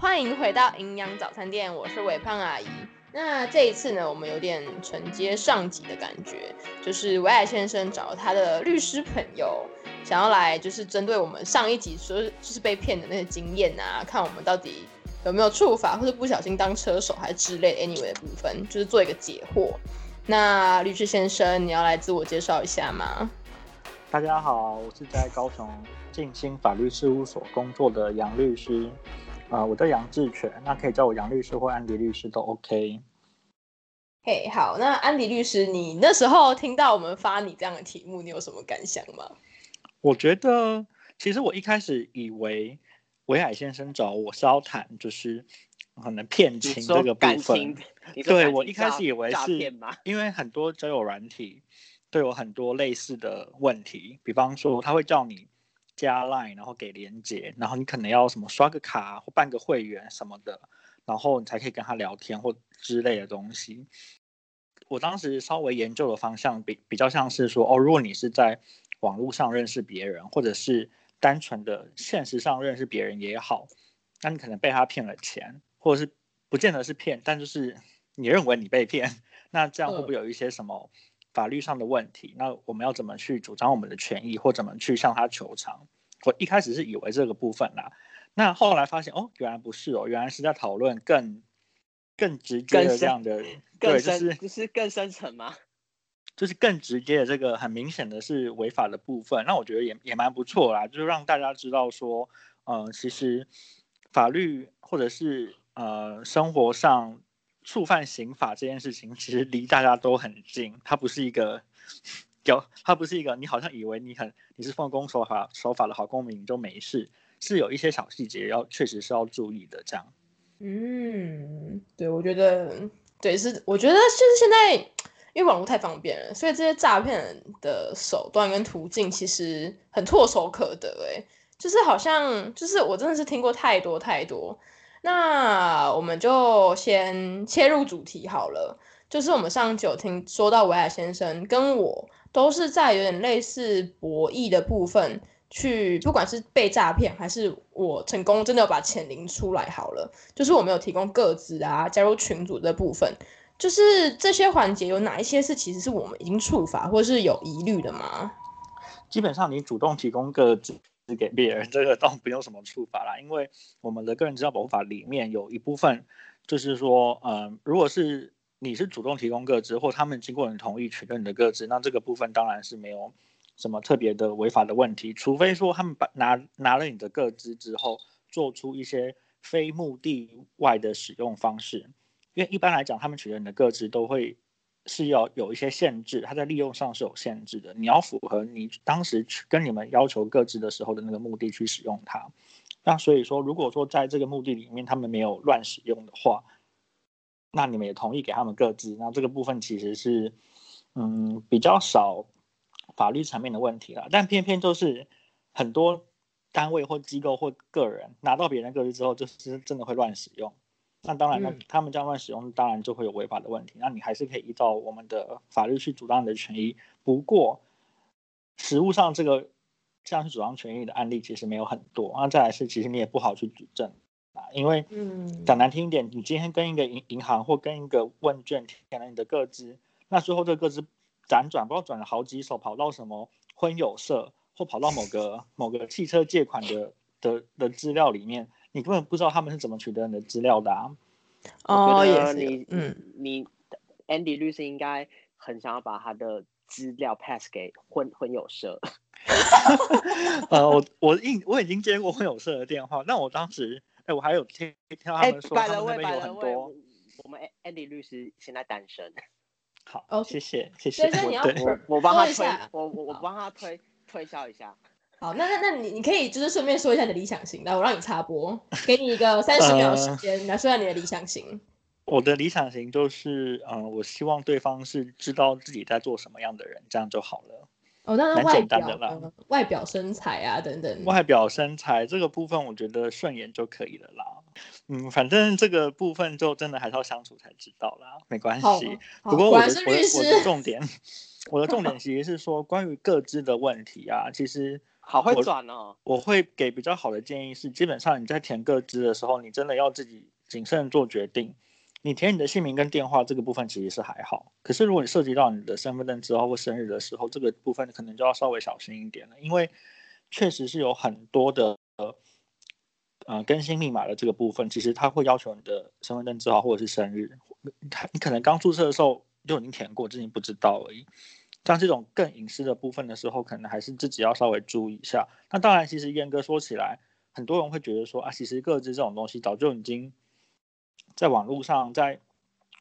歡迎回到營養早餐店，我是微胖阿姨。那這一次呢，我們有點承接上集的感覺，就是微矮先生找他的律師朋友，想要來就是針對我們上一集所就，就是被騙的那些經驗啊，看我們到底有沒有處罰，或者不小心當車手還是之類的。anyway 的部分，就是做一個解惑。那律師先生，你要來自我介紹一下嗎？大家好，我是在高雄境心法律事務所工作的楊律師。啊、呃，我叫楊志全，那可以叫我楊律師或安迪律師都 OK。嘿，hey, 好，那安迪律師，你那時候聽到我們發你這樣的題目，你有什麼感想嗎？我覺得，其實我一開始以為微矮先生找我是要談，就是可能騙情，感情這個部分。對，我一開始以為是因為很多交友軟體都有很多類似的問題，比方說他會叫你。嗯加 line 然後給連結，然後你可能要什麼刷個卡或辦個會員什麼的，然後你才可以跟他聊天或之類的東西。我當時稍微研究的方向比比較像是說，哦，如果你是在網絡上認識別人，或者是單純的現實上認識別人也好，那你可能被他騙了錢，或者是不見得是騙，但就是你認為你被騙，那這樣會不會有一些什麼？法律上的問題，那我們要怎麼去主張我們的權益，或怎麼去向他求償？我一開始是以為這個部分啦，那後來發現哦，原來不是哦，原來是在討論更更直接的這樣的，更深，就是就是更深層嗎？就是更直接的這個很明顯的是違法的部分，那我覺得也也蠻不錯啦，就是讓大家知道說，嗯、呃，其實法律或者是呃生活上。觸犯刑法這件事情，其實離大家都很近，它不是一個，有它不是一個，你好像以為你很你是奉公守法守法的好公民，你就沒事，是有一些小細節要確實是要注意的。這樣，嗯，對，我覺得，對，是，我覺得就是現在，因為網絡太方便了，所以這些詐騙的手段跟途徑其實很唾手可得，欸，哎，就是好像，就是我真的是聽過太多太多。那我們就先切入主題好了。就是我們上集聽說到微矮先生跟我都是在有點類似博弈的部分去，不管是被詐騙還是我成功真的有把錢領出來好了。就是我沒有提供個資啊，加入群組這部分，就是這些環節有哪一些是其實是我們已經觸法或是有疑慮的嗎？基本上，你主動提供個資。給別人這個倒不用什麼處罰啦，因為我們的個人資料保護法裡面有一部分就是說，嗯、呃，如果是你是主動提供個資，或他們經過你同意取得你的個資，那這個部分當然是沒有什麼特別的違法的問題，除非說他們把拿拿了你的個資之後，做出一些非目的外的使用方式，因為一般來講，他們取得你的個資都會是要有一些限制，它在利用上是有限制的。你要符合你當時去跟你們要求個資的時候的那個目的去使用它。那所以說，如果說在這個目的裡面他們沒有亂使用的話，那你們也同意給他們個資。那這個部分其實是嗯比較少法律層面的問題啦。但偏偏就是很多單位或機構或個人拿到別人個資之後，就是真的會亂使用。那當然了，嗯、他們將來使用，當然就會有違法的問題。那你還是可以依照我們的法律去主張你的權益。不過，實務上這個這樣去主張權益的案例其實沒有很多。那再來是，其實你也不好去舉證啊，因為講難聽一點，你今天跟一個銀銀行或跟一個問卷填了你的個資，那最後這個個資輾轉不知道轉了好幾手，跑到什麼婚友社，或跑到某個某個汽車借款的的的資料裡面。你根本不知道他們是怎麼取得你的資料的啊！哦、oh,，也是，你嗯，你，你 Andy 律師應該很想要把他的資料 pass 給婚婚友社。 呃，我我應我已經接過婚友社的電話，那我當時，哎、欸，我還有聽聽他們說，他們那邊有很多、欸、我們 Andy 律師現在單身。好、oh, 謝謝，謝謝謝謝，我我幫他推，我我我幫他推推銷一下。好，那那那你你可以就是順便說一下你的理想型，來，我讓你插播，給你一個三十秒的時間來說下你的理想型、呃。我的理想型就是，嗯、呃，我希望對方是知道自己在做什麼樣的人，這樣就好了。哦，那外表簡單的啦、呃，外表身材啊等等。外表身材這個部分我覺得順眼就可以了啦。嗯，反正這個部分就真的還是要相處才知道啦，沒關係。不過我的，果然是律師，我的、我的、我的重點， 我的重點其實是說關於個資的問題啊，其實。好會轉哦我！我會給比較好的建議是，基本上你在填個資的時候，你真的要自己謹慎做決定。你填你的姓名跟電話這個部分其實是還好，可是如果你涉及到你的身份證字號或生日的時候，這個部分可能就要稍微小心一點了，因為確實是有很多的呃、更新密碼的這個部分，其實他會要求你的身份證字號或者是生日，你可能剛註冊的時候就已經填過，自己不知道而已。像這種更隱私的部分的時候，可能還是自己要稍微注意一下。那當然，其實嚴格說起來，很多人會覺得說啊，其實個資這種東西早就已經在網絡上，在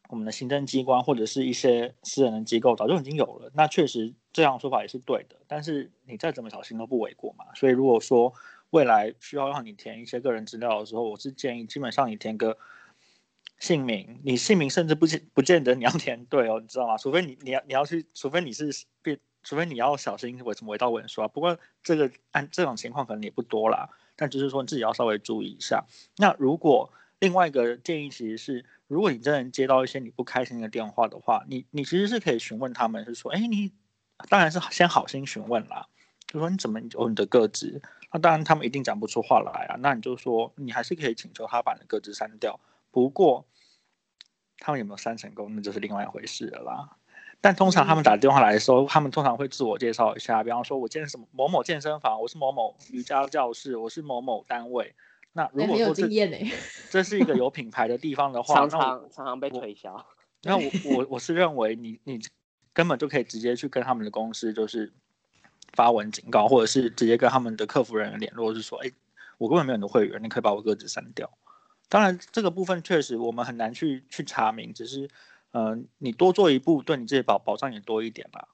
我們的行政機關或者是一些私人的機構早就已經有了。那確實這樣說法也是對的，但是你再怎麼小心都不為過嘛。所以如果說未來需要讓你填一些個人資料的時候，我是建議基本上你填個。姓名，你姓名甚至不不不見得你要填對哦，你知道嗎？除非你你要你要去，除非你是，除非你要小心偽，什麼偽造文書啊。不過這個按這種情況可能也不多啦，但就是說你自己要稍微注意一下。那如果另外一個建議其實是，如果你真的接到一些你不開心的電話的話，你你其實是可以詢問他們，是說，哎、欸，你當然是先好心詢問啦，就說你怎麼有你的個資，那、啊、當然他們一定講不出話來啊。那你就說，你還是可以請求他把你的個資刪掉。不過，他們有沒有刪成功，那就是另外一回事了啦。但通常他們打電話來的時候，嗯、他們通常會自我介紹一下，比方說我建什麼某某健身房，我是某某瑜伽教室，我是某某單位。那如果說這、哎有經驗欸、這是一個有品牌的地方的話， 常常我常常被推銷。那我我我是認為你，你你根本就可以直接去跟他們的公司，就是發文警告，或者是直接跟他們的客服人員聯絡，就是說，哎，我根本沒有你的會員，你可以把我個資刪掉。當然，這個部分確實我們很難去去查明，只是，嗯、呃，你多做一步，對你自己保保障也多一點吧。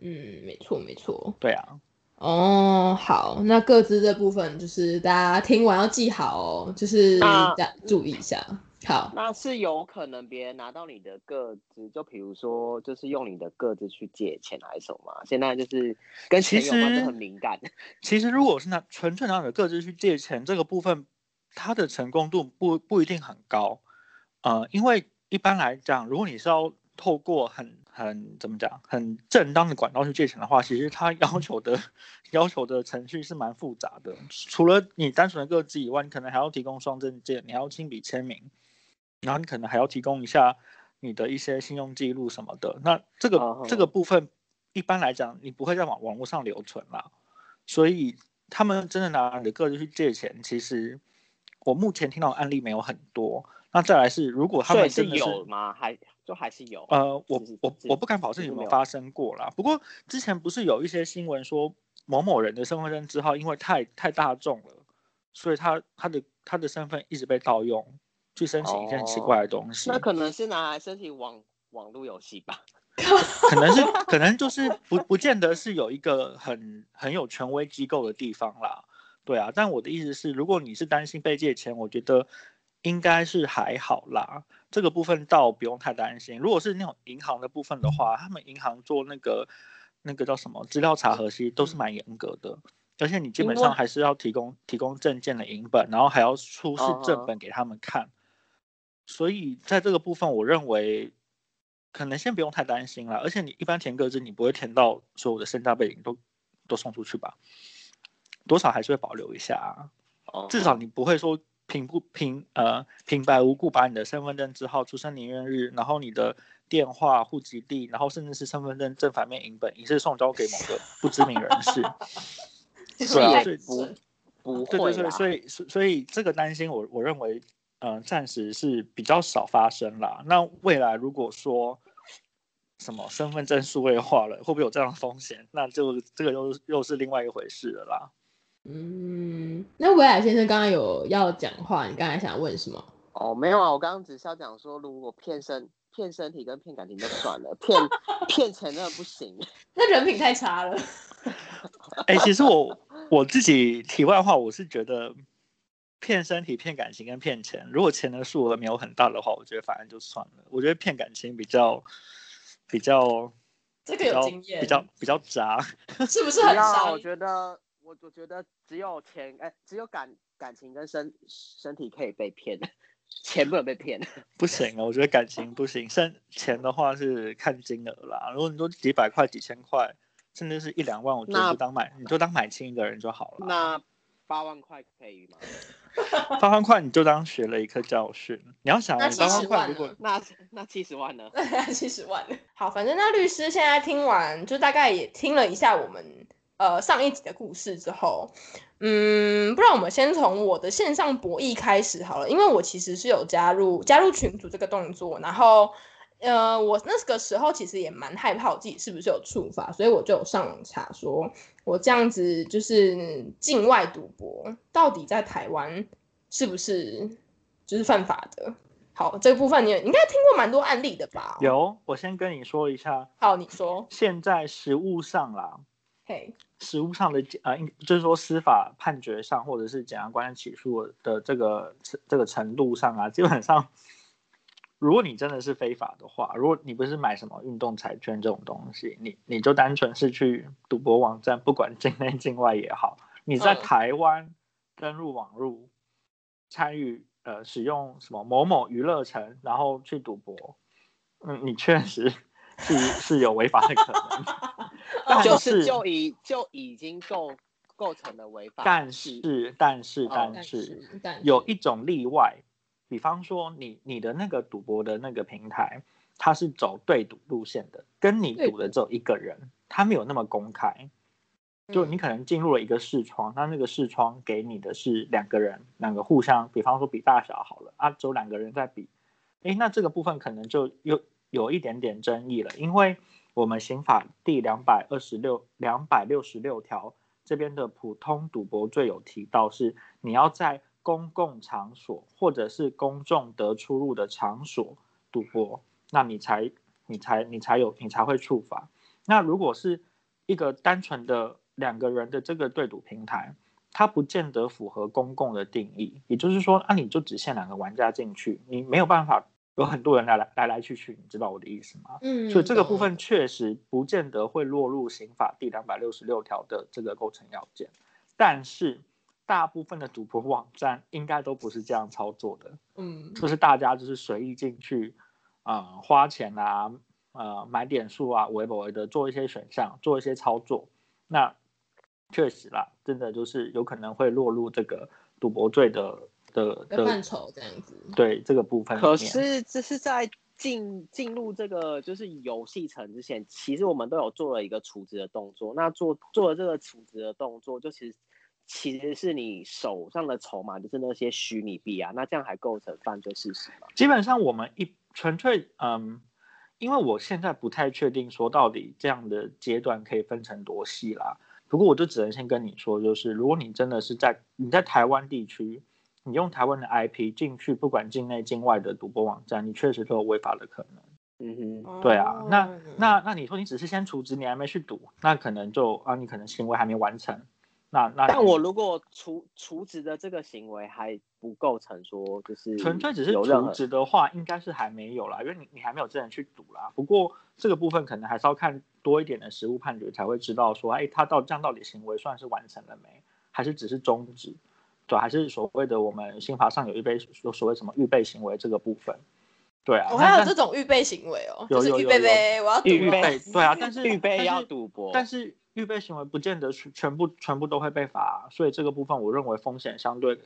嗯，沒錯，沒錯。對啊。哦，好，那個資這部分就是大家聽完要記好、哦，就是大家那注意一下。好，那是有可能別人拿到你的個資就比如說，就是用你的個資去借錢還是什麼。現在就是跟錢嘛，就很敏感。其實，其實如果是拿純粹拿你的個資去借錢，這個部分。它的成功度不不一定很高，呃，因為一般來講，如果你是要透過很很怎麼講很正當的管道去借錢的話，其實它要求的要求的程序是蠻複雜的。除了你單純的個資以外，你可能還要提供雙證件，你還要親筆簽名，然後你可能還要提供一下你的一些信用記錄什麼的。那這個、oh. 這個部分，一般來講，你不會在網網絡上留存了。所以他們真的拿你的個資去借錢，其實。我目前聽到案例沒有很多，那再來是如果他們真的是，是有嗎？還就還是有？是呃，我我我不敢保證有沒有發生過啦。不過之前不是有一些新聞說某某人的身份證字號因為太太大眾了，所以他他的他的身份一直被盜用去申請一件奇怪的東西。哦，那可能是拿來申請網網絡遊戲吧？ 可能是可能就是不不見得是有一個很很有權威機構的地方啦。對啊，但我的意思是，如果你是擔心被借錢，我覺得應該是還好啦，這個部分倒不用太擔心。如果是那種銀行的部分的話，他們銀行做那個那個叫什麼資料查核系都是蠻嚴格的，嗯、而且你基本上還是要提供提供證件的影本，然後還要出示正本給他們看。好好，所以在這個部分，我認為可能先不用太擔心啦。而且你一般填個資，你不會填到所有的身家背景都都送出去吧？多少還是會保留一下、啊，至少你不會說平不平呃平白無故把你的身份證字號、出生年月日，然後你的電話、戶籍地，然後甚至是身份證正反面影本，影子送交給某個不知名人士，對 啊，不不會對對，對所以所以這個擔心我我認為嗯暫、呃、時是比較少發生啦。那未來如果說什麼身份證數位化了，會不會有這樣的風險？那就這個又又是另外一回事了啦。嗯，那微矮先生剛剛有要講話，你剛才想問什麼？哦，沒有啊，我剛剛只是要講說，如果騙身騙身體跟騙感情就算了，騙騙 錢真的不行，那人品太差了。哎、欸，其實我我自己題外話，我是覺得騙身體、騙感情跟騙錢，如果錢的數額沒有很大的話，我覺得反正就算了。我覺得騙感情比較比較，比較這個有經驗，比較比較渣， 是不是很少我覺得。我我覺得只有錢，哎、欸，只有感感情跟身身體可以被騙，錢不能被騙。不行啊，我覺得感情不行，身錢的話是看金額啦。如果你說幾百塊、幾千塊，甚至是一兩萬，我覺得就當買，那你就當買清一個人就好了。那八萬塊可以嗎？八萬塊你就當學了一個教訓。 你要想、啊，八萬塊如果那七十萬呢？那七十萬呢？那好，反正那律師現在聽完就大概也聽了一下我們。呃，上一集的故事之後，嗯，不然我們先從我的線上博弈開始好了，因為我其實是有加入加入群組這個動作，然後，呃，我那個時候其實也蠻害怕我自己是不是有觸法，所以我就有上網查說，說我這樣子就是境外賭博，到底在台灣是不是就是犯法的？好，這個部分你應該聽過蠻多案例的吧？有，我先跟你說一下。好，你說。現在實務上啦。Hey. 實務上的啊，應、呃、就是說司法判決上，或者是檢察官起訴的這個這個程度上啊，基本上，如果你真的是非法的話，如果你不是買什麼運動彩券這種東西，你你就單純是去賭博網站，不管境內境外也好，你在台灣登錄網路參與呃使用什麼某某娛樂城，然後去賭博，嗯，你確實是是有違法的可能。 那就是就已就已經構構成了違法，但是但是但是有一種例外，比方說你你的那個賭博的那個平台，它是走對賭路線的，跟你賭的只有一個人，他沒有那麼公開。就你可能進入了一個視窗，那那個視窗給你的是兩個人，兩個互相，比方說比大小好了啊，只有兩個人在比，哎，那這個部分可能就有有一點點爭議了，因為。我們刑法第兩百二十六、兩百六十六條這邊的普通賭博罪有提到是，是你要在公共場所或者是公眾得出入的場所賭博，那你才、你才、你才有、你才會處罰。那如果是一個單純的兩個人的這個對賭平台，它不見得符合公共的定義，也就是說，那、啊、你就只限兩個玩家進去，你沒有辦法。有很多人來來來來去去，你知道我的意思嗎？嗯，所以這個部分確實不見得會落入刑法第兩百六十六條的這個構成要件，但是大部分的賭博網站應該都不是這樣操作的，嗯，就是大家就是隨意進去，啊、呃、花錢啊，啊、呃，買點數啊，圍圍的做一些選項，做一些操作，那確實啦，真的就是有可能會落入這個賭博罪的的範疇這樣子，對這個部分。可是這是在進進入這個就是遊戲層之前，其實我們都有做了一個儲值的動作。那做做了這個儲值的動作，就其實其實是你手上的籌碼，就是那些虛擬幣啊。那這樣還構成犯罪事實？基本上我們一純粹，嗯，因為我現在不太確定，說到底這樣的階段可以分成多細啦。不過我就只能先跟你說，就是如果你真的是在你在台灣地區。你用台灣的 IP 進去，不管境內境外的賭博網站，你確實都有違法的可能。嗯哼，對啊，那那那你說你只是先儲值，你還沒去賭，那可能就啊，你可能行為還沒完成。那那那我如果儲儲值的這個行為還不構成說就是純粹只是儲值的話，應該是還沒有啦，因為你你還沒有真的去賭啦。不過這個部分可能還是要看多一點的實務判決才會知道說，哎、欸，他到底這樣到底行為算是完成了沒，還是只是終止。對、啊，還是所謂的我們刑法上有預備，有所謂什麼預備行為這個部分，對啊，我還有這種預備行為哦，但就是預備我要預備，啊預備對啊，但是預備要賭博但，但是預備行為不見得全部全部都會被罰、啊，所以這個部分我認為風險相對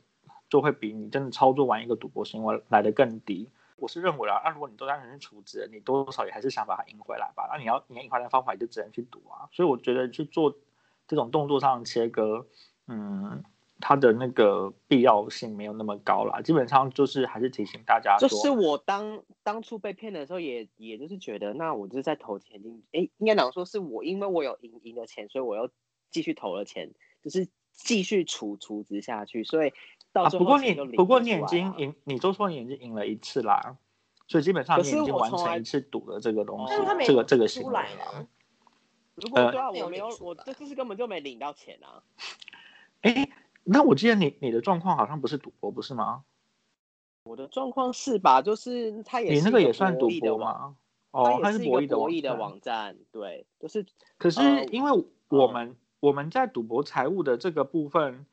就會比你真的操作完一個賭博行為來得更低。我是認為啊，那如果你都在裡面處置，你多少也還是想把它贏回來吧，那你要你要贏回來方法，你就只能去賭啊，所以我覺得去做這種動作上切割，嗯。它的那個必要性沒有那麼高啦，基本上就是還是提醒大家。就是我當當初被騙的時候也，也也就是覺得，那我就是在投錢進，哎、欸，應該怎麼說？是我因為我有贏贏的錢，所以我又繼續投了錢，就是繼續儲儲值下去，所以到時候。啊！不過你不過你已經贏，你都說你已經贏了一次啦，所以基本上你已經完成一次賭的這個東西，是這個是來了這個行為。如果對啊，我沒有，我這次是根本就沒領到錢啊，哎、欸。那我記得你你的狀況好像不是賭博，不是嗎？我的狀況是吧？就是他也你那個也算賭博嗎？哦，他是博弈的博弈的網站，哦、網站對，就是。可是因為我們、哦、我們在賭博財務的這個部分，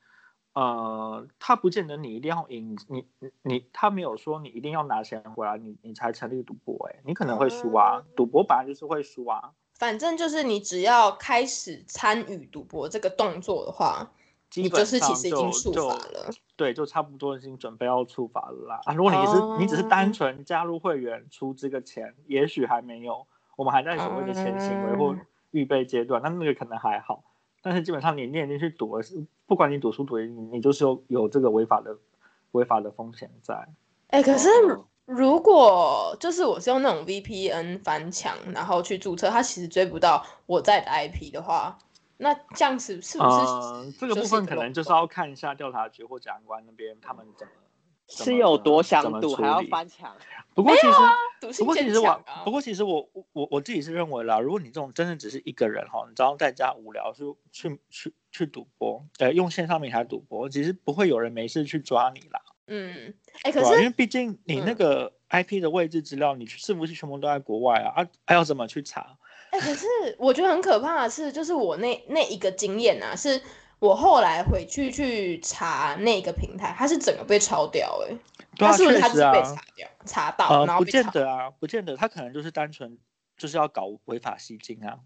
呃，他不見得你一定要贏，你你他沒有說你一定要拿錢回來，你你才成立賭博、欸。哎，你可能會輸啊，賭、嗯、博本來就是會輸啊。反正就是你只要開始參與賭博這個動作的話。基本上就，你就是其實已經觸法了，對，就差不多已經準備要觸法了啊。如果你是你只是單純加入會員出這個錢，嗯、也許還沒有，我們還在所謂的前行為或預備階段，那、嗯、那個可能還好。但是基本上你念念進去賭了，不管你賭輸賭贏，你就是有有這個違法的違法的風險在。哎、欸，對 可是對 如果就是我是用那種 VPN 翻牆，然後去註冊，它其實追不到我在的 IP 的話。那這樣子是不是，是、呃、這個部分可能就是要看一下調查局或檢察官那邊他們怎麼、嗯、是有多想賭還要翻牆？不過其實、啊啊、不過其實我，不過其實我我我自己是認為啦，如果你這種真的只是一個人哈，你知道在家無聊就去去去賭博，呃，用線上平台賭博，其實不會有人沒事去抓你啦。嗯，哎、欸，可是、啊、因為畢竟你那個 IP 的位置資料，嗯、你是不是全部都在國外啊？啊，還要怎麼去查？可是我覺得很可怕的是，就是我那那一個經驗啊，是我後來回去去查那個平台，它是整個被抄掉，哎、欸，對、啊、它是確實是，是被查掉，查、啊、到，啊、呃，不見得啊，不見得，他可能就是單純就是要搞違法吸金啊，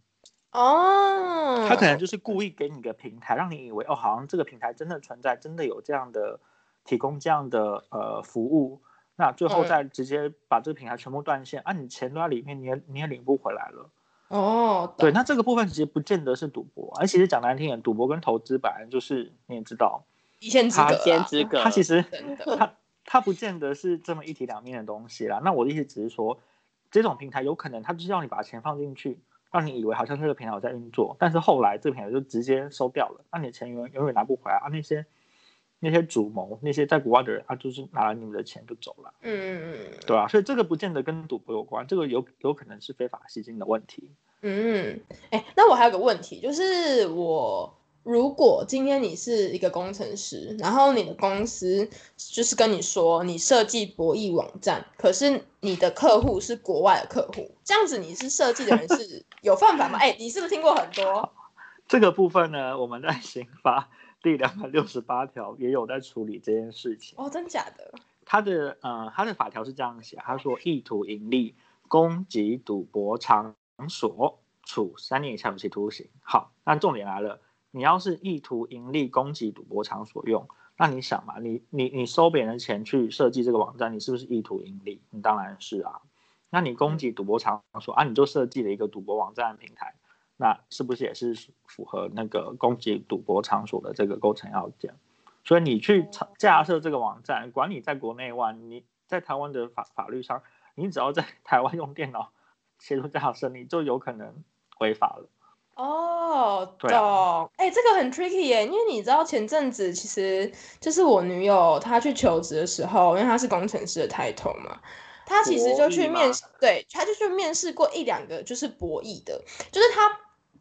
哦，他可能就是故意給你個平台，對讓你以為哦，好像這個平台真的存在，真的有這樣的提供這樣的呃服務，那最後再直接把這個平台全部斷線、嗯、啊，你錢都在裡面，你也你也領不回來了。哦，oh, right. 對，那這個部分其實不見得是賭博、啊，而其實講難聽點，賭博跟投資本來就是你也知道，一線之隔，它其實，它它的不見得是這麼一體兩面的東西啦。那我的意思只是說，這種平台有可能它就是要你把錢放進去，讓你以為好像是這個平台在運作，但是後來這個平台就直接收掉了，那你的錢永永遠拿不回來啊那些，那些主謀，那些在國外的人，他就是拿了你們的錢就走了。嗯嗯嗯，對啊。所以這個不見得跟賭博有關，這個有有可能是非法吸金的問題。嗯，誒、欸，那我還有個問題，就是我如果今天你是一個工程師，然後你的公司就是跟你說你設計博弈網站，可是你的客戶是國外的客戶，這樣子你是設計的人是 有犯法嗎？哎、欸，你是不是聽過很多？這個部分呢，我們在刑法。第兩百六十八條也有在處理這件事情哦，真假的？他的、呃、他的法條是這樣寫、啊，他說意圖盈利供給賭博場所，處三年以下有期徒刑。好，那重點來了，你要是意圖盈利供給賭博場所用，那你想嘛，你你你收別人的錢去設計這個網站，你是不是意圖盈利？你當然是啊。那你供給賭博場所啊，你就設計了一個賭博網站的平台。那是不是也是符合那個攻擊賭博場所的這個構成要件？所以你去架設這個網站，管你在國內外，你在台灣的法法律上，你只要在台灣用電腦協助架設，你就有可能違法了。哦、oh, 啊，對，哎、欸，這個很 tricky 哎、欸，因為你知道前陣子其實就是我女友她去求職的時候，因為她是工程師的 title 嘛，她其實就去面試，對，她就去面試過一兩個就是博弈的，就是她。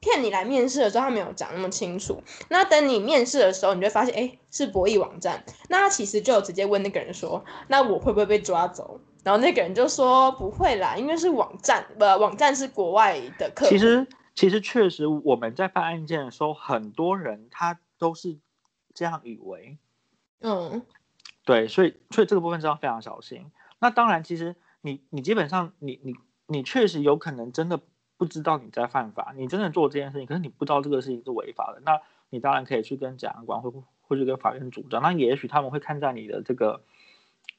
騙你來面試的時候，他沒有講那麼清楚。那等你面試的時候，你就會發現，哎、欸，是博弈網站。那他其實就直接問那個人說：“那我會不會被抓走？”然後那個人就說：“不會啦，因為是網站，不，網站是國外的客戶。”其實，其實確實，我們在辦案件的時候，很多人他都是這樣以為。嗯，對，所以，所以這個部分要非常小心。那當然，其實你，你基本上，你，你，你確實有可能真的。不知道你在犯法，你真的做這件事情，可是你不知道這個事情是違法的，那你當然可以去跟檢察官或會去跟法院主張，那也許他們會看在你的這個，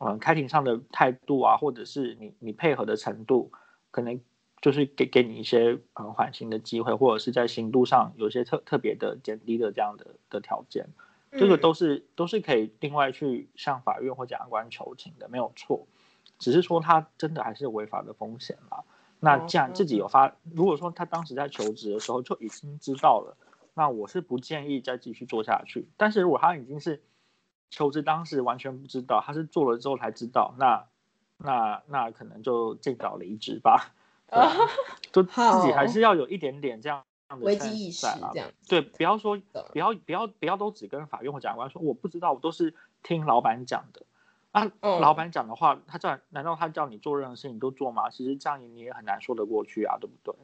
嗯，開庭上的態度啊，或者是你你配合的程度，可能就是給給你一些嗯、呃、緩刑的機會，或者是在刑度上有些特特別的減低的這樣的的條件，這個都是都是可以另外去向法院或檢察官求情的，沒有錯，只是說他真的還是違法的風險嘛。那這樣自己有發，Okay. 如果說他當時在求職的時候就已經知道了，那我是不建議再繼續做下去。但是如果他已經是求職當時完全不知道，他是做了之後才知道，那那那可能就盡早離職吧。啊，oh. 就自己還是要有一點點這樣的、oh. 對危機意識，對，不要說不要不要不要都只跟法院或檢察官說我不知道，我都是聽老闆講的。啊，老闆講的話，嗯、他叫難道他叫你做任何事情你都做嗎？其實這樣你也很難說得過去啊，對不對？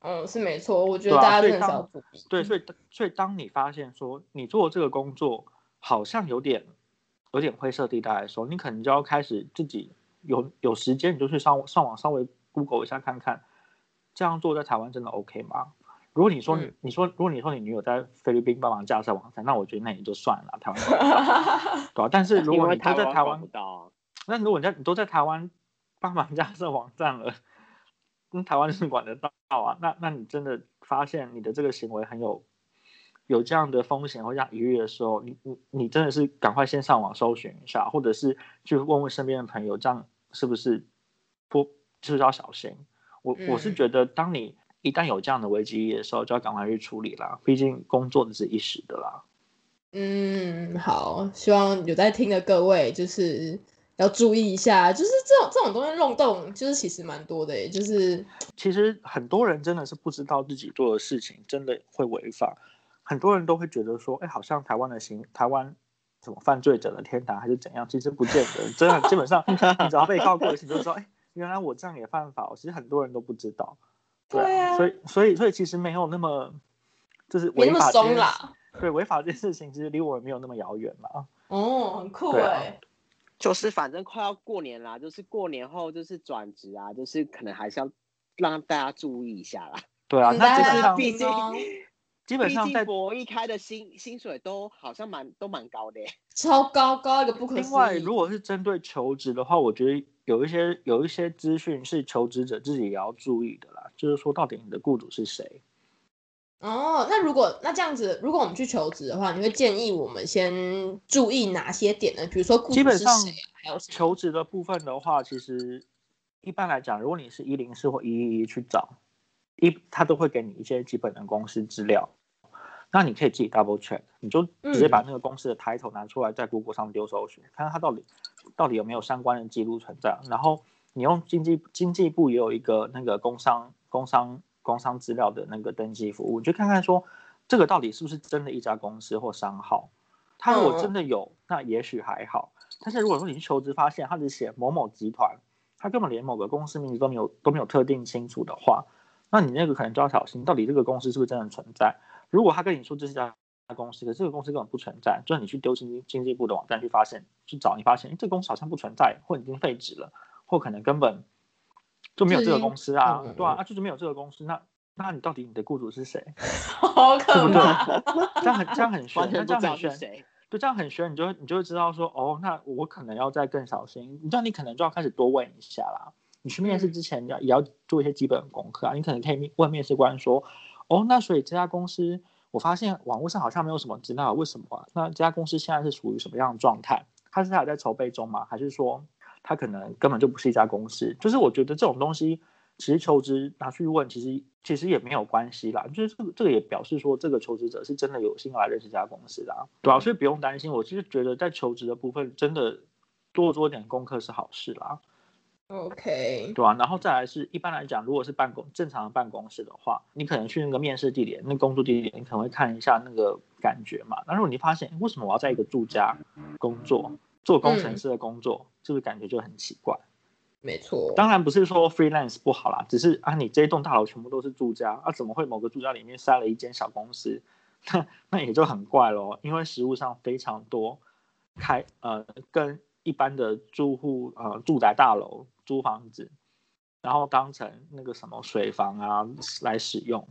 嗯，是沒錯，我覺得大家對、啊，所以當對，所以所以，所以當你發現說你做這個工作好像有點有點灰色地帶的時候，你可能就要開始自己有有時間你就去上網上網稍微 Google 一下看看，這樣做在台灣真的 OK 嗎？如果你說你、嗯、你說如果你說你女友在菲律賓幫忙架設網站，那我覺得那也就算了，台灣 對、啊、但是如果你都在台灣， 那如果你在，你都在台灣幫忙架設網站了，那、嗯、台灣是管得到啊。那那你真的發現你的這個行為很有有這樣的風險或這樣疑慮的時候，你你你真的是趕快先上網搜尋一下，或者是去問問身邊的朋友，這樣是不是不就是要小心？我我是覺得當你。嗯一旦有這樣的危機的時候，就要趕快去處理啦。畢竟工作的是一時的啦。嗯，好，希望有在聽的各位，就是要注意一下，就是這種這種東西漏洞，就是其實蠻多的。就是其實很多人真的是不知道自己做的事情真的會違法。很多人都會覺得說，哎、欸，好像台灣的行，台灣什麼犯罪者的天堂還是怎樣？其實不見得，真的 基本上，你只要被告過一次，就知道，哎、欸，原來我這樣也犯法。我其實很多人都不知道。對啊，對啊，所以所以所以其實沒有那麼，就是違法的麼鬆啦。對，違法這件事情其實離我沒有那麼遙遠了。哦、嗯，很酷哎、欸。啊、就是反正快要過年啦，就是過年後就是轉職啊，就是可能還是要讓大家注意一下啦。對啊，那基本上是。畢竟基本上在國一開的薪薪水都好像蠻都蠻高的耶。超高高的不可思議。另外，如果是針對求職的話，我覺得。有一些有一些資訊是求職者自己也要注意的啦，就是說到底你的僱主是誰。哦，那如果那這樣子，如果我們去求職的話，你會建議我們先注意哪些點呢？比如說僱主是誰，基本上還有求職的部分的話，其實一般來講，如果你是一零四或一一一去找，一他都會給你一些基本的公司資料。那你可以自己 double check，你就直接把那個公司的抬頭拿出來在，在 Google 上丟搜尋，看看它到底到底有沒有相關的記錄存在。然後你用經濟經濟部也有一個那個工商工商工商資料的那個登記服務，你就看看說這個到底是不是真的一家公司或商號。它如果真的有，那也許還好。但是如果說你去求職發現他只寫某某集團，他根本連某個公司名字都沒有都沒有特定清楚的話，那你那個可能就要小心，到底這個公司是不是真的存在？如果他跟你說這是家公司，的，這個公司根本不存在。就是你去丟經經濟部的網站去發現，去找你發現，哎，這個、公司好像不存在，或已經廢止了，或可能根本就沒有這個公司啊。嗯、對啊，嗯、啊，就是沒有這個公司。那那你到底你的雇主是誰？好可怕不！ 這樣很這樣很懸，這樣很懸。對，這樣很懸，你就你就會知道說，哦，那我可能要再更小心。你知道，你可能就要開始多問一下啦。你去面試之前，你要也要做一些基本功課啊。嗯、你可能可以問面試官說。哦，那所以這家公司，我發現網絡上好像沒有什麼資料，為什麼啊？那這家公司現在是屬於什麼樣的狀態？它是還在籌備中嗎？還是說它可能根本就不是一家公司？就是我覺得這種東西，其實求職拿去問，其實其實也沒有關係啦。就是這個這個也表示說，這個求職者是真的有心來認識這家公司的，對啊，所以不用擔心。我其實覺得在求職的部分，真的多做點功課是好事啦。OK，對啊，然後再來是一般來講，如果是辦公正常的辦公室的話，你可能去那個面試地點、那工作地點，你可能會看一下那個感覺嘛。那如果你發現、欸，為什麼我要在一個住家工作做工程師的工作，這個、嗯、感覺就很奇怪。沒錯錯，當然不是說 freelance 不好啦，只是啊，你這一棟大樓全部都是住家，啊，怎麼會某個住家裡面塞了一間小公司？那那也就很怪咯，因為實務上非常多開呃，跟一般的住戶呃，住宅大樓。租房子，然後當成那個什麼水房啊，來使用。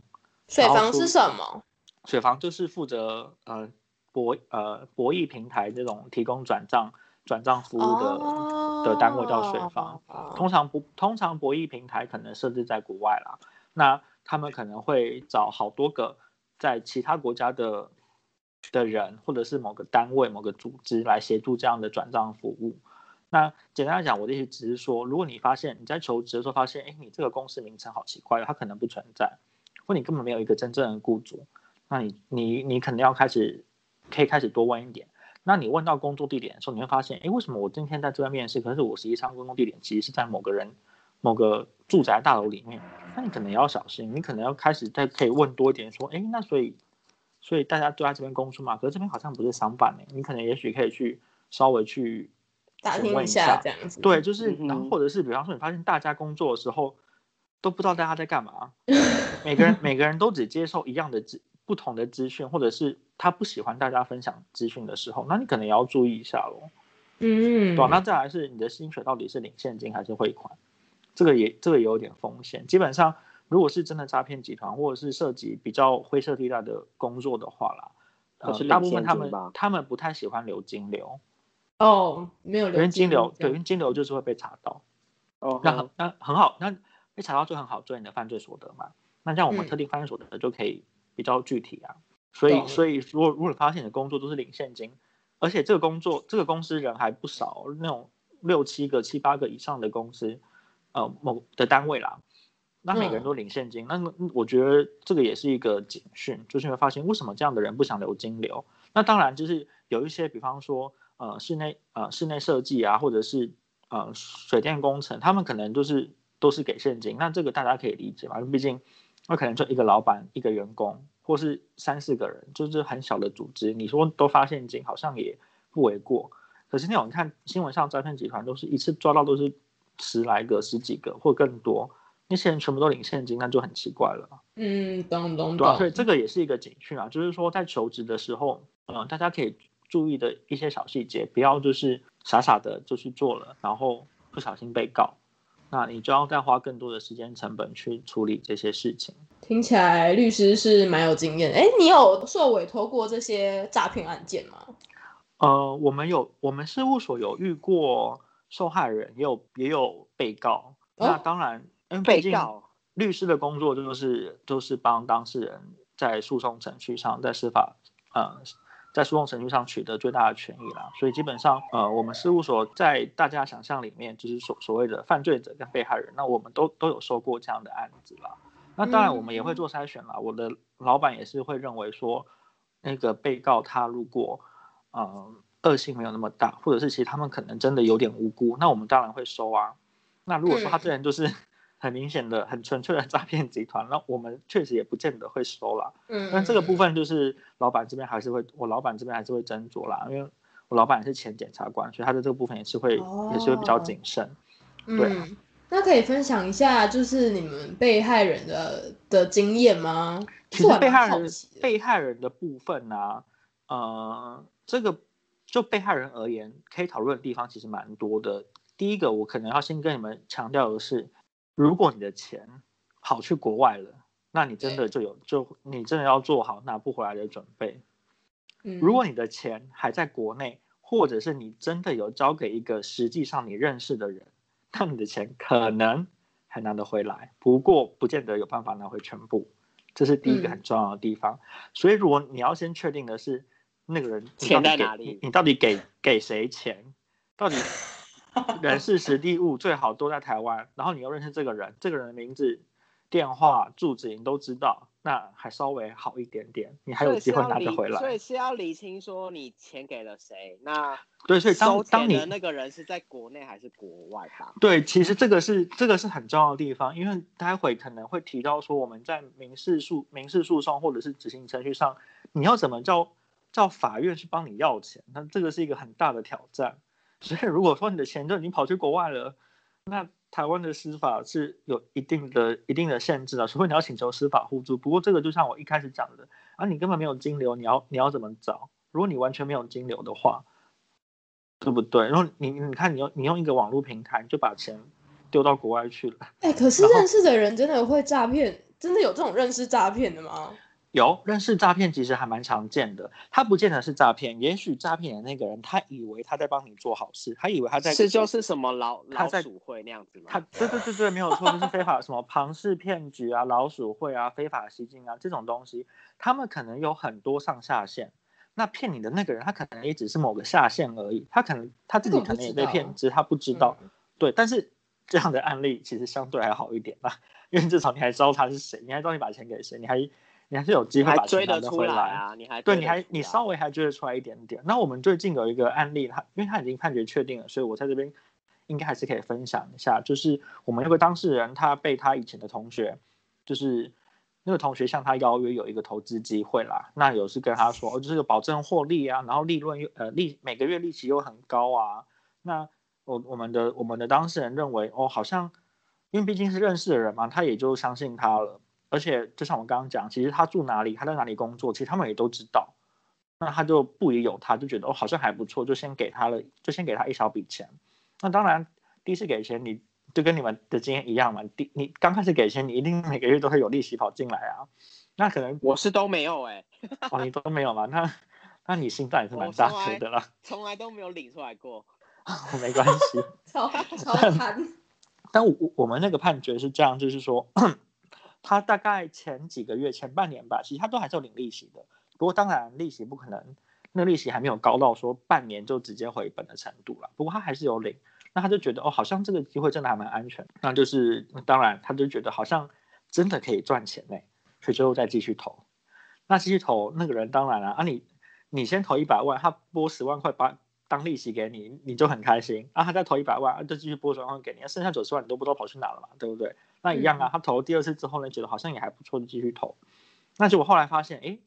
水房是什麼？水房就是負責呃博呃博弈平台這種提供轉賬轉賬服務的的單位叫水房。Oh, oh, oh. 通常博通常博弈平台可能設置在國外啦，那他們可能會找好多個在其他國家的的人，或者是某個單位某個組織來協助這樣的轉賬服務。那簡單來講，我的意思只是說，如果你發現你在求職的時候發現，哎、欸，你這個公司名稱好奇怪，它可能不存在，或你根本沒有一個真正的雇主，那你你你可能要開始可以開始多問一點。那你問到工作地點的時候，你會發現，哎、欸，為什麼我今天在這邊面試，可是我實際上工作地點其實是在某個人某個住宅大樓裡面？那你可能要小心，你可能要開始再可以問多一點，說，哎、欸，那所以所以大家都在這邊工作嘛，可是這邊好像不是商辦呢、欸？你可能也許可以去稍微去。打聽一下，一下這樣子對，就是嗯嗯，或者是，比方說你發現大家工作的時候都不知道大家在幹嘛， 每個人每個人都只接受一樣的資不同的資訊，或者是他不喜歡大家分享資訊的時候，那你可能也要注意一下嘍。嗯，嗯，對、啊、那再來是你的薪水到底是領現金還是匯款，這個也這個也有點風險。基本上如果是真的詐騙集團或者是涉及比較灰色地帶的工作的話啦，而、呃、大部分他們他們不太喜歡留金流。哦，沒有留金流，因為金流，樣對，因為金流就是會被查到。哦，oh, okay. 那很那很好，那被查到就很好，追你的犯罪所得嘛。那像我們特定犯罪所得的就可以比較具體啊。嗯、所以，對所以如果如果發現你的工作都是領現金，而且這個工作這個公司人還不少，那種六七個、七八個以上的公司，呃、某的單位啦，那每個人都領現金，嗯、那我覺得這個也是一個警訊，就是你會發現為什麼這樣的人不想留金流。那當然就是有一些，比方說。呃，室內呃，室內設計啊，或者是呃水電工程，他們可能就是都是給現金，那這個大家可以理解嘛？畢竟那可能就一個老闆一個員工，或是三四個人，就是很小的組織，你說都發現金，好像也不為過。可是那種你看新聞上詐騙集團都是一次抓到都是十來個、十幾個或更多，那些人全部都領現金，那就很奇怪了。嗯，對，對，所以這個也是一個警訊啊，就是說在求職的時候，嗯、呃，大家可以。注意的一些小細節，不要就是傻傻的就去做了，然後不小心被告，那你就要再花更多的時間成本去處理這些事情。聽起來律師是蠻有經驗。誒、欸，你有受委託過這些詐騙案件嗎？呃，我們有，我們事務所有遇過受害人，也有也有被告。哦、那當然，因為被告律師的工作就是都、就是幫當事人在訴訟程序上，在司法呃。在訴訟程序上取得最大的權益啦，所以基本上，呃，我們事務所在大家想象裡面，就是所所謂的犯罪者跟被害人，那我們都都有收過這樣的案子啦。那當然我們也會做篩選啦。嗯，我的老板也是會認為說，那個被告他如果，呃，惡性沒有那麼大，或者是其實他們可能真的有點無辜，那我們當然會收啊。那如果說他這人就是。很明顯的、很純粹的詐騙集團，那我們確實也不見得會收啦。嗯，嗯，那這個部分就是老闆這邊還是會，我老闆這邊還是會斟酌啦，因為我老闆是前檢察官，所以他的這個部分也是會，哦、也是會比較謹慎。對、啊嗯，那可以分享一下，就是你們被害人的的經驗嗎？其實被害人被害人的部分呢、啊，呃，這個就被害人而言，可以討論的地方其實蠻多的。第一個，我可能要先跟你們強調的是。如果你的錢跑去國外了，那你真的就有對就你真的要做好拿不回來的準備。嗯、如果你的錢還在國內，或者是你真的有交給一個實際上你認識的人，那你的錢可能還拿得回來，嗯、不過不見得有辦法拿回全部。這是第一個很重要的地方。嗯、所以如果你要先確定的是那個人錢在哪裡，你到底給到底給誰錢， 到底？ 人事實地物最好都在台灣，然後你又認識這個人，這個人的名字、電話、住址你都知道，那還稍微好一點點。你還有機會拿得回來所。所以是要理清說你錢給了誰。那對，所以收錢的那個人是在國內還是國外？哈，對，其實這個是這個是很重要的地方，因為待會可能會提到說我們在民事訴民事訴訟或者是執行程序上，你要怎麼叫叫法院去幫你要錢？那這個是一個很大的挑戰。所以如果說你的錢就已經跑去國外了，那台灣的司法是有一定的、一定的限制的，所以你要請求司法互助。不過這個就像我一開始講的，啊，你根本沒有金流，你要你要怎麼找？如果你完全沒有金流的話，對不對？然後你你看，你用你用一個網絡平台你就把錢丟到國外去了。哎、欸，可是認識的人然後，真的會詐騙？真的有這種認識詐騙的嗎？有，但是詐騙其實還蠻常見的，他不見得是詐騙，也許詐騙的那個人他以為他在幫你做好事，他以為他在，這就是什麼老，在老鼠會那樣子他它對對對對，沒有錯，就 是非法什麼龐氏騙局啊、老鼠會啊、非法吸金啊這種東西，他們可能有很多上下線，那騙你的那個人他可能也只是某個下線而已，他可能他自己可能也被騙，只是他不知道。嗯、對，但是這樣的案例其實相對還好一點吧、啊，因為至少你還知道他是誰，你還知道你把錢給誰，你還。你還是有機會把他追得出來啊！你還對，你還你稍微還追得出來一點點。那我們最近有一個案例，他因為他已經判決確定了，所以我在這邊應該還是可以分享一下。就是我們有個當事人，他被他以前的同學，就是那個同學向他邀約有一個投資機會啦。那有是跟他說，哦，就是保證獲利啊，然後利潤又呃利每個月利息又很高啊。那我我們的我們的當事人認為，哦，好像因為畢竟是認識的人嘛，他也就相信他了。而且，就像我剛剛講，其實他住哪裡，他在哪裡工作，其實他們也都知道。那他就不疑有他，就覺得哦，好像還不錯，就先給他了，就先給他一小筆錢。那當然，第一次給錢，你就跟你們的經驗一樣嘛。你剛開始給錢，你一定每個月都會有利息跑進來啊。那可能我，我是都沒有哎、欸 哦，你都沒有嘛？那那你心臟也是蠻扎實的了，從來都沒有領出來過。 沒關係， 超，超慘。但，但我我們那個判決是這樣，就是說。 他大概前幾個月、前半年吧，其實他都還是有領利息的。不過當然，利息不可能，那利息還沒有高到說半年就直接回本的程度了。不過他還是有領，那他就覺得哦，好像這個機會真的還蠻安全。那就是當然，他就覺得好像真的可以賺錢呢、欸，所以最後再繼續投。那繼續投，那個人當然了啊，啊你你先投一百萬，他撥十萬塊八。當利息給你，你就很開心。然、啊、他再投一百萬，啊、就繼續撥轉款給你。剩下九十萬你都不知道跑去哪了嘛，對不對？那一樣啊。他投了第二次之後呢，覺得好像也還不錯，就繼續投。那結果後來發現，哎、欸，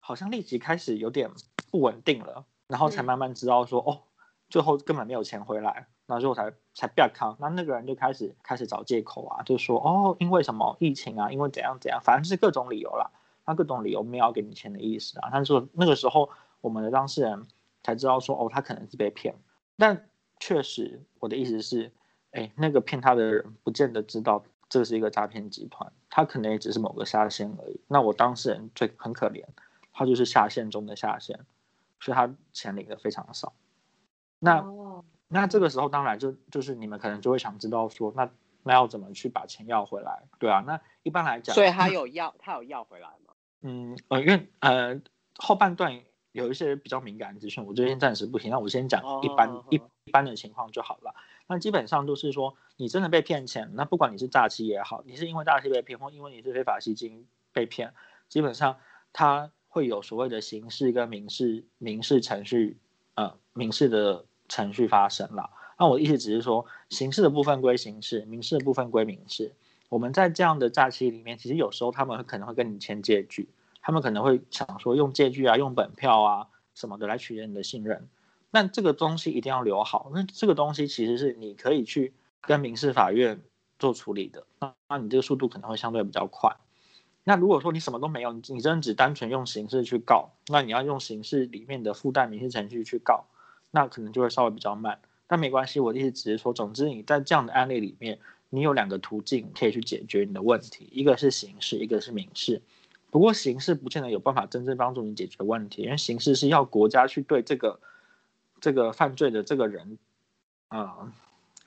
好像利息開始有點不穩定了，然後才慢慢知道說，哦，最後根本沒有錢回來。那最後才才 back out 那那個人就開始開始找借口啊，就說，哦，因為什麼疫情啊，因為怎樣怎樣，反正是各種理由啦。那各種理由沒有要給你錢的意思啊。他說那個時候我們的當事人。才知道說哦，他可能是被騙，但確實我的意思是，哎、欸，那個騙他的人不見得知道這是一個詐騙集團，他可能也只是某個下線而已。那我當事人最很可憐，他就是下線中的下線，所以他錢領的非常少。那那這個時候當然就就是你們可能就會想知道說，那那要怎麼去把錢要回來？對啊，那一般來講，所以他有要他有要回來嗎？嗯呃，因為呃後半段。有一些人比較敏感，的資訊，我這邊暫時不行，那我先講一般一、oh, oh, oh. 一般的情況就好了。那基本上就是說，你真的被騙錢，那不管你是詐欺也好，你是因為詐欺被騙，或因為你是非法吸金被騙，基本上他會有所謂的刑事跟民事民事程序，呃，民事的程序發生了。那我的意思只是說，刑事的部分歸刑事，民事的部分歸民事。我們在這樣的詐欺裡面，其實有時候他們可能會跟你簽借據。他們可能會想說用借據啊、用本票啊什麼的來取得你的信任，那這個東西一定要留好。那這個東西其實是你可以去跟民事法院做處理的，那你這個速度可能會相對比較快。那如果說你什麼都沒有，你你真的只單純用刑事去告，那你要用刑事裡面的附帶民事程序去告，那可能就會稍微比較慢。但沒關係，我的意思只是說，總之你在這樣的案例裡面，你有兩個途徑可以去解決你的問題，一個是刑事，一個是民事。不過刑事不見得有辦法真正幫助你解決問題，因為刑事是要國家去對這個這個犯罪的這個人，啊、嗯，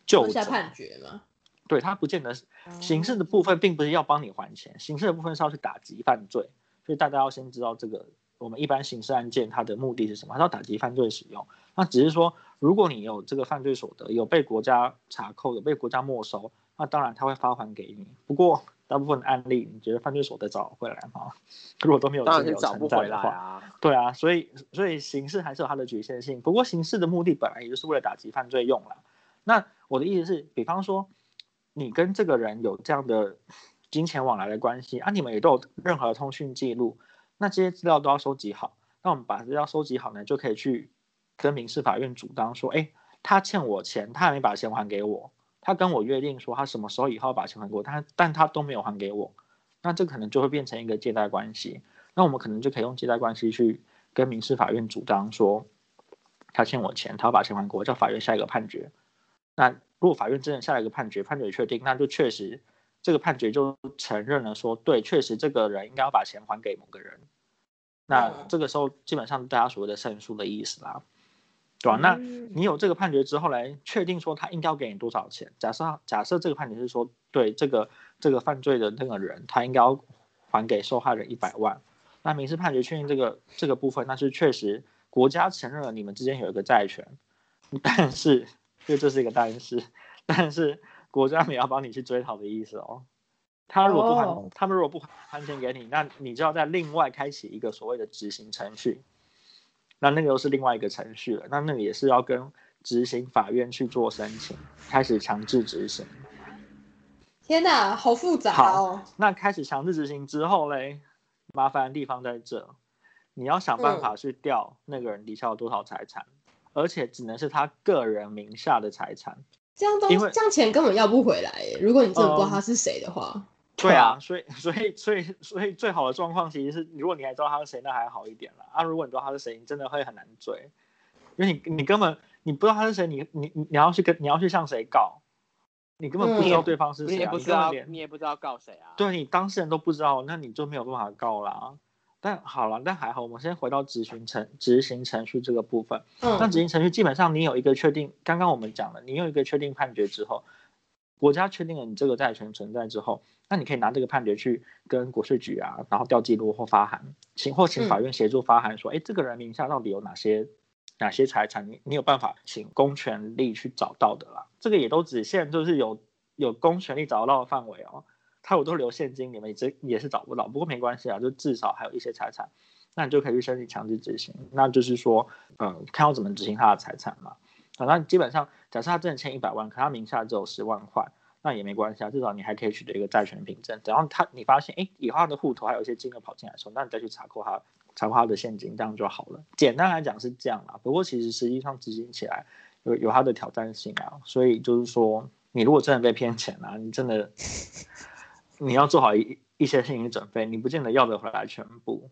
就判決嘛。對，他不見得刑事的部分並不是要幫你還錢，嗯、刑事的部分是要去打擊犯罪，所以大家要先知道這個，我們一般刑事案件它的目的是什麼，它是要打擊犯罪使用。那只是說，如果你有這個犯罪所得，有被國家查扣，有被國家沒收，那當然他會發還給你。不過，大部分案例，你覺得犯罪所得找回來嗎？如果都沒有，找不回來啊。對啊，所以所以刑事還是有它的局限性。不過刑事的目的本來也就是為了打擊犯罪用了。那我的意思是，比方說你跟這個人有這樣的金錢往來的關係啊，你們也都有任何通訊記錄，那這些資料都要收集好。那我們把資料收集好呢，就可以去跟民事法院主張說，哎，他欠我錢，他還沒把錢還給我。他跟我約定說，他什麼時候以後把錢還給我，但但他都沒有還給我，那這可能就會變成一個借貸關係。那我們可能就可以用借貸關係去跟民事法院主張說，他欠我錢，他要把錢還給我，叫法院下一個判決。那如果法院真的下一個判決，判決確定，那就確實這個判決就承認了說，對，確實這個人應該要把錢還給某個人。那這個時候基本上大家所謂的勝訴的意思啦。對吧、啊？那你有這個判決之後來確定說他應該要給你多少錢？假設假設這個判決是說，對這個這個犯罪的那個人，他應該還給受害人一百萬。那民事判決確定這個這個部分，那是確實國家承認了你們之間有一個債權，但是就這是一個但是，但是國家沒有要幫你去追討的意思哦。他如果不還，oh. 他們如果不還錢給你，那你就要再另外開啟一個所謂的執行程序。那那個又是另外一個程序了，那那個也是要跟執行法院去做申請，開始強制執行。天哪、啊，好複雜哦！那開始強制執行之後嘞，麻煩的地方在這，你要想辦法去調那個人底下有多少財產，嗯、而且只能是他個人名下的財產。這樣都因為這樣錢根本要不回來耶，如果你真的不知道他是誰的話。嗯對啊，所以所以所以所以最好的狀況其實是，如果你還知道他是誰，那還好一點了啊。如果你知道他是誰，你真的會很難追，因為你你根本你不知道他是誰，你你你要去跟你要去向誰告，你根本不知道對方是誰啊，嗯，你也不知道你，你也不知道告誰啊。對，你當事人都不知道，那你就沒有辦法告了啊。但好了，但還好，我們先回到執行程執行程序這個部分。嗯。那執行程序基本上你有一個確定，剛剛我們講了，你有一個確定判決之後，國家確定了你這個債權存在之後。那你可以拿這個判決去跟國稅局啊，然後調記錄或發函，請或請法院協助發函說，哎、嗯欸，這個人名下到底有哪些哪些財產？你你有辦法請公權力去找到的啦。這個也都只限就是有有公權力找到的範圍哦。他有都留現金，你們也是也是找不到。不過沒關係啊，就至少還有一些財產，那你就可以去申請強制執行。那就是說，嗯、呃，看要怎麼執行他的財產嘛。反、啊、那基本上假設他真的欠一百萬，可他名下只有十萬塊。那也沒關係啊，至少你還可以取得一個債權憑證。然後他你發現，哎、欸，以後他的戶頭還有一些金額跑進來，的時候，那你再去查扣他，查扣他的現金，這樣就好了。簡單來講是這樣啦。不過其實實際上執行起來有有它的挑戰性啊。所以就是說，你如果真的被騙錢啊，你真的你要做好一一些心理準備，你不見得要得回來全部。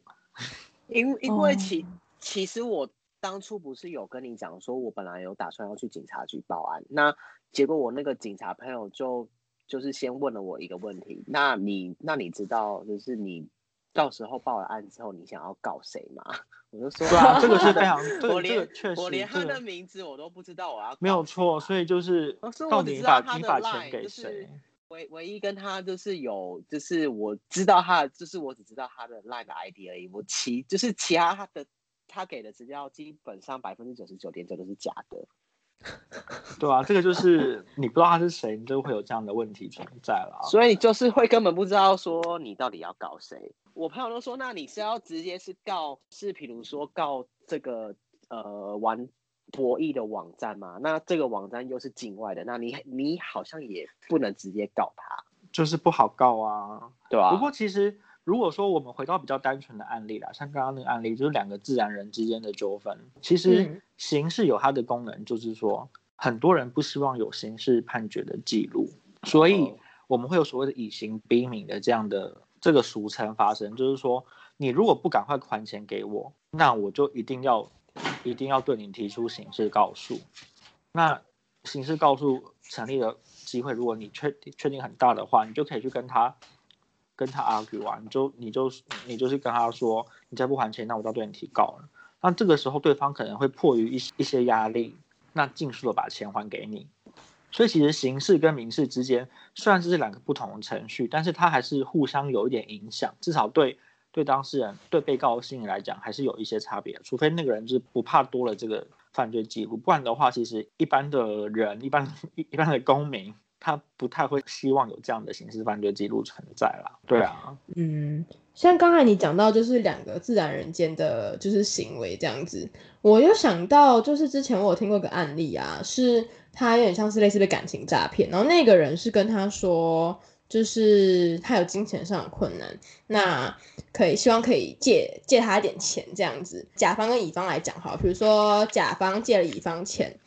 因為因為其其實我。當初不是有跟你講說，我本來有打算要去警察局報案。那結果我那個警察朋友就就是先問了我一個問題：那你那你知道就是你到時候報了案之後，你想要告誰嗎？我就說對、啊、 這個是非常，對我連確實，我連他的名字我都不知道啊。沒有錯，所以就是到底是把把錢給誰？唯唯一跟他就是有就是我知道他，就是我只知道他的 LINE ID 而已。我其就是其他他的。他給的資料基本上百分之九十九點九都是假的，對啊，這個就是你不知道他是誰，你就會有這樣的問題存在了。所以就是會根本不知道說你到底要告誰。我朋友都說，那你是要直接是告，是比如說告這個呃玩博弈的網站嗎？那這個網站又是境外的，那你你好像也不能直接告他，就是不好告啊，對啊，不過其實。如果說我們回到比較單純的案例啦，像剛剛那個案例，就是兩個自然人之間的糾紛，其實刑事有它的功能，就是說很多人不希望有刑事判決的記錄，所以我們會有所謂的以刑逼民的這樣的這個俗稱發生，就是說你如果不趕快還錢給我，那我就一定要，一定要對你提出刑事告訴。那刑事告訴成立的機會，如果你確確定很大的話，你就可以去跟他，跟他 argue 完，啊，你就你就你就是跟他說，你再不還錢，那我就要對你提告了。那這個時候，對方可能會迫於一一些壓力，那盡數的把錢還給你。所以其實刑事跟民事之間雖然是兩個不同的程序，但是它還是互相有一點影響，至少對對當事人、對被告的心理來講，還是有一些差別。除非那個人是不怕多了這個犯罪記錄，不然的話，其實一般的人、一般一般的公民，他不太會希望有這樣的刑事犯罪記錄存在了。對啊，嗯，像剛才你講到，就是兩個自然人間的，就是行為這樣子，我又想到，就是之前我有聽過一個案例啊，是他有點像是類似的感情詐騙，然後那個人是跟他說，就是他有金錢上的困難，那可以希望可以借借他一點錢這樣子。甲方跟乙方來講好，比如說甲方借了乙方錢。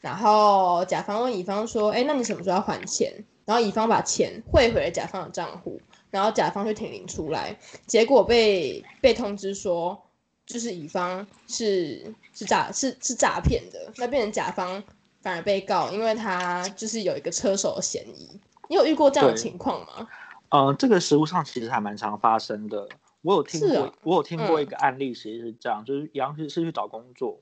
然後甲方問乙方說：“哎，那你什麼時候要還錢？”然後乙方把錢匯回了甲方的賬戶，然後甲方就提領出來，結果被被通知說，就是乙方是是詐是是詐騙的，那變成甲方反而被告，因為他就是有一個車手的嫌疑。你有遇過這樣的情況嗎？呃，這個實務上其實還蠻常發生的。我有聽過，哦、我有聽過一個案例，其實是這樣，嗯、就是乙方是是去找工作。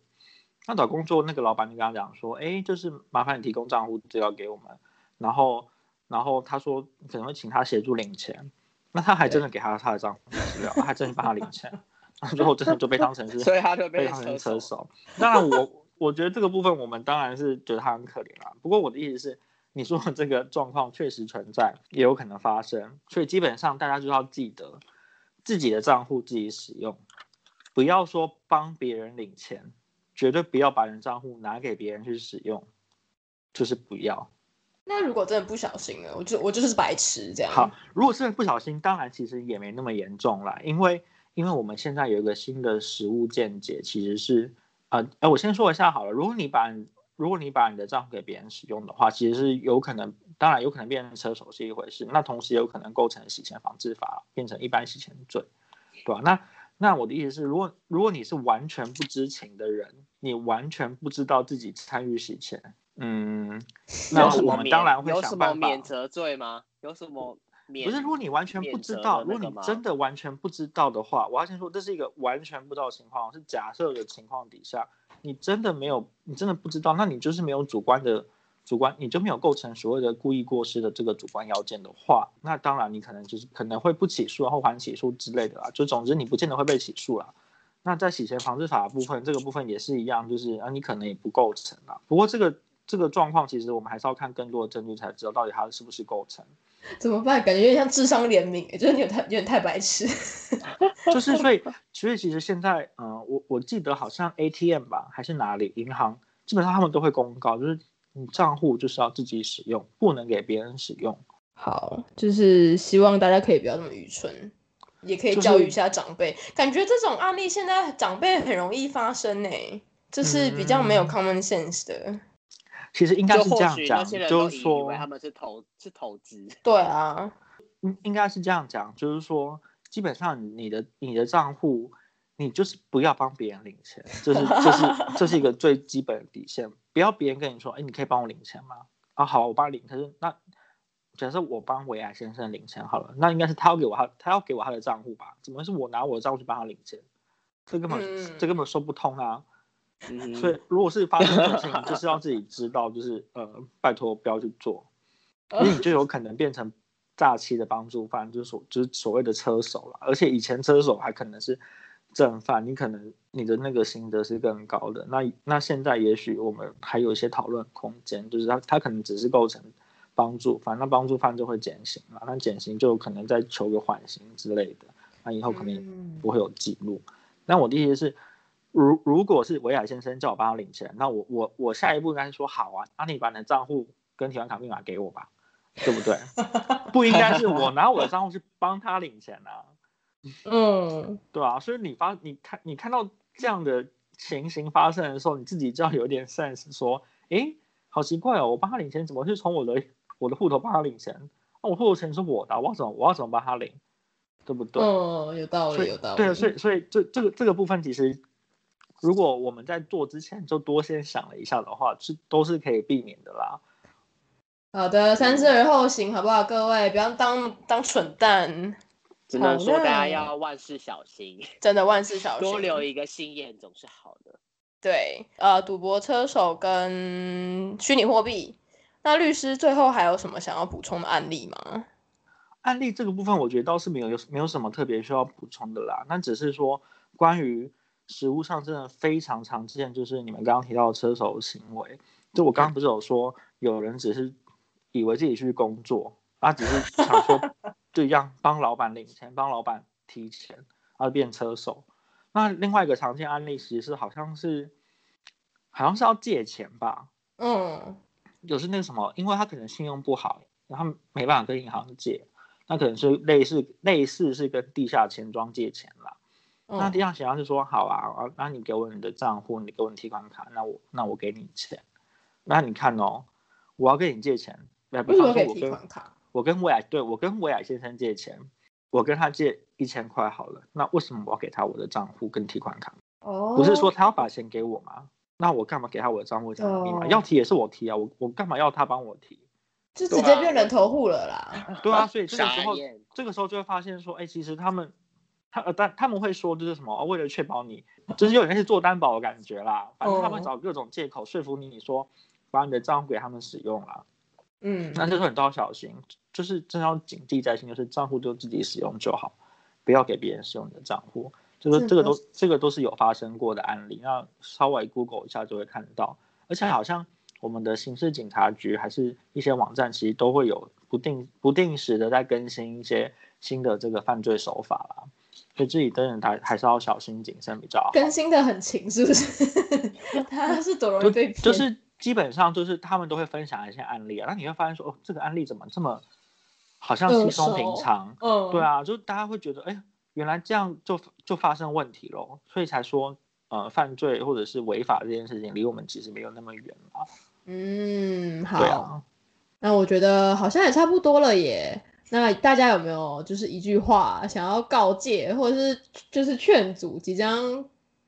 他找工作那個老板，就跟他講說，哎、欸，就是麻煩你提供賬戶資料給我們，然後，然後他說可能會請他協助領錢，那他還真的給他他的賬戶資料，對還真的幫他領錢， 最後真的就被當成是，所以他就被當成車手。車手 那我我覺得這個部分我們當然是覺得他很可憐啊，不過我的意思是，你說這個狀況確實存在，也有可能發生，所以基本上大家就要記得自己的賬戶自己使用，不要說幫別人領錢。絕對不要把你的賬戶拿給別人去使用，就是不要。那如果真的不小心呢？我就我就是白痴這樣。好，如果真的不小心，當然其實也沒那麼嚴重啦，因為因為我們現在有一個新的實務見解，其實是啊哎、呃呃，我先說一下好了。如果你把你如果你把你的賬戶給別人使用的話，其實是有可能，當然有可能變成車手是一回事，那同時有可能構成洗錢防制法，變成一般洗錢罪，對吧、啊？那。那我的意思是，如果如果你是完全不知情的人，你完全不知道自己參與洗錢，嗯，那我們當然會想辦法。免責罪嗎？有什麼免？不是，如果你完全不知道，如果你真的完全不知道的話，我要先說這是一個完全不知道情況，是假設的情況底下，你真的沒有，你真的不知道，那你就是沒有主觀的。主觀，你就沒有構成所謂的故意過失的這個主觀要件的話，那當然你可能就是可能會不起訴或緩起訴之類的啦。就總之你不見得會被起訴了。那在洗錢防治法的部分，這個部分也是一樣，就是啊、呃，你可能也不構成啊。不過這個這個狀況其實我們還是要看更多的證據才知道到底它是不是構成。怎麼辦？感覺有點像智商聯名，就是你有太有，有點太白痴。 就是所以，所以其實現在，嗯、呃，我我記得好像 ATM 吧，還是哪裡銀行，基本上他們都會公告，就是。你賬戶就是要自己使用，不能給別人使用。好，就是希望大家可以不要那麼愚蠢，也可以教育一下長輩。就是、感覺這種案例現在長輩很容易發生呢、欸，就、嗯、是比較沒有 common sense 的。其實應該是這樣講，就是說他們是投是投資，對啊，應應該是這樣講，就是說基本上你的你的賬戶，你就是不要幫別人領錢，這、就是這、就是 這是一個最基本的底線。不要別人跟你說，哎、欸，你可以幫我領錢嗎？啊，好啊，我幫你領。可是那假設我幫微矮先生領錢好了，那應該是他要給我他他要給我他的賬戶吧？怎麼會是我拿我的賬戶去幫他領錢？這根本、嗯、這根本說不通啊！嗯、所以如果是發生事情， 你就是要自己知道，就是呃，拜託不要去做，那你就有可能變成詐欺的幫助犯，就是所就是所謂的車手了。而且以前車手還可能是。正犯，你可能你的那個刑責，是更高的。那那現在也許我們還有一些討論空間，就是他他可能只是構成幫助，反正幫助犯就會減刑嘛，啊，那減刑就可能再求個緩刑之類的，那以後肯定不會有記錄。嗯，那我的意思是，如如果是微矮先生叫我幫他領錢，那我我我下一步應該是說好啊，那你把你的賬戶跟提款卡密碼給我吧，對不對？ 不應該是我拿我的賬戶去幫他領錢吶，啊。嗯，對啊。所以你發，你看，你看到這樣的情形發生的時候，你自己就要有點 sense，說，哎，好奇怪哦，我幫他領錢，怎麼去從我的我的戶頭幫他領錢？那、哦、我戶頭錢是我的，我要怎麼我要怎麼幫他領？對不對？嗯，有道理，所以有道理。對啊，所以所以這這個這個部分，其實如果我們在做之前就多先想了一下的話，是都是可以避免的啦。好的，三思而後行，好不好？各位，不要當當蠢蛋。只能，能說大家要萬事小心，真的萬事小心， 多留一個心眼總是好的。對，呃，賭博車手跟虛擬貨幣，那律師最後還有什麼想要補充的案例嗎？案例這個部分，我覺得倒是沒有，沒有什麼特別需要補充的啦。那只是說，關於實務上真的非常常見，就是你們剛剛提到的車手的行為，就我剛剛不是有說，有人只是以為自己去工作，他只是想說。 是，一樣幫老闆領錢，幫老闆提錢而變車手。那另外一個常見案例，其實是好像是好像是要借錢吧？嗯，就是那個什麼，因為他可能信用不好，然後沒辦法跟銀行借，嗯、那可能是類似類似是跟地下錢莊借錢了。嗯、那地下錢莊就說好啊，那你給我你的賬戶，你給我你的提款卡，那我那我給你錢。那你看哦，我要跟你借錢，為什麼給提款卡？我跟微矮對我跟微矮先生借錢，我跟他借一千塊好了。那為什麼我要給他我的賬戶跟提款卡？Oh. 不是說他要把錢給我嗎？那我幹嘛給他我的賬戶這密碼？Oh. 要提也是我提啊，我我幹嘛要他幫我提？Oh. 啊、就直接變人頭戶了啦。對啊，所以這個時候、oh. 這個時候就會發現說，哎、欸，其實他們他呃但他們會說就是什麼，為了確保你，就是有人是做擔保的感覺啦。反正他們找各種借口說服你說，你說、oh. 把你的賬戶給他們使用啦。嗯，那就是很要小心，就是真要謹記在心，就是賬戶就自己使用就好，不要給別人使用你的賬戶。就是這個都是這個都是有發生過的案例，那稍微 Google 一下就會看到。而且好像我們的刑事警察局還是一些網站，其實都會有不定不定時的在更新一些新的這個犯罪手法啦。所以自己當然還還是要小心謹慎比較好。更新的很勤，是不是？ 他是多容易被騙、 就是。基本上就是他們都會分享一些案例啊，那你會發現說哦，這個案例怎麼這麼好像稀鬆平常？嗯，呃、對啊，就大家會覺得哎、欸、原來這樣就就發生問題嘍，所以才說呃，犯罪或者是違法這件事情離我們其實沒有那麼遠嘛。嗯，好，啊、那我覺得好像也差不多了耶。那大家有沒有就是一句話想要告誡或者是就是勸阻即將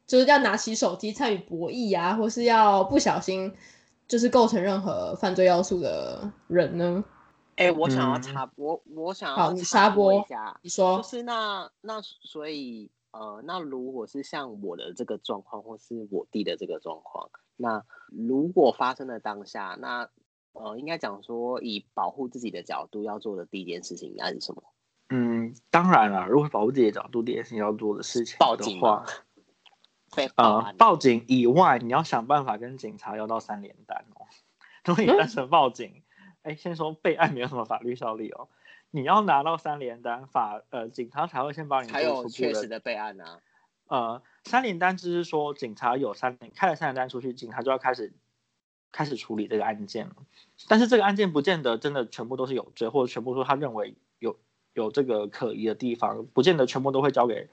就是要拿起手機參與博弈啊，或是要不小心，就是構成任何犯罪要素的人呢？哎、欸，我想要插播，嗯，我想要你插好播插一下，你說。是那那所以呃，那如果是像我的這個狀況，或是我弟的這個狀況，那如果發生了當下，那呃，應該講說以保護自己的角度要做的第一件事情，應該是什麼？嗯，當然了，如果保護自己的角度第一件事情要做的事情的，報警。呃，報警以外，你要想辦法跟警察要到三聯單哦。如 果你單純報警，哎、嗯，先說備案沒有什麼法律效力哦。你要拿到三聯單，法呃警察才會先幫你出去。還有確實的備案呢、啊？呃，三聯單只是說警察有三聯開了三聯單出去，警察就要開始開始處理這個案件了。但是這個案件不見得真的全部都是有罪，或者全部說他認為有有這個可疑的地方，不見得全部都會交給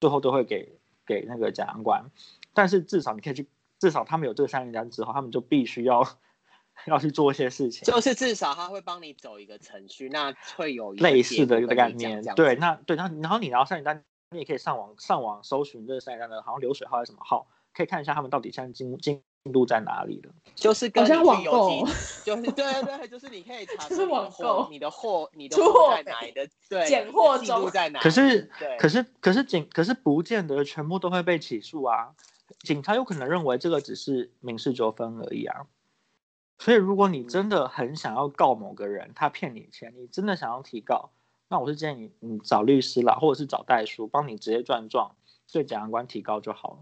最後都會給。給那個展覽館，但是至少你可以去，至少他們有這個三聯單之後，他們就必須要要去做一些事情，就是至少他會幫你走一個程序，那會有類似的一個概念，對，那對，那然後你拿到三聯單，你也可以上網上網搜尋這三聯單的好像流水號還是什麼號，可以看一下他們到底現在經經。度在哪裡的？就是跟像網購，就是對對，對就是你可以查，是網購你的貨你的貨在哪裡的？出貨 對，檢貨中在哪？可是，可是，可是警，可是不見得全部都會被起訴啊。警察有可能認為這個只是民事糾紛而已啊。所以，如果你真的很想要告某個人他騙你錢，你真的想要提告，那我是建議你，你找律師啦，或者是找代書幫你直接撰狀，對檢察官提告就好了。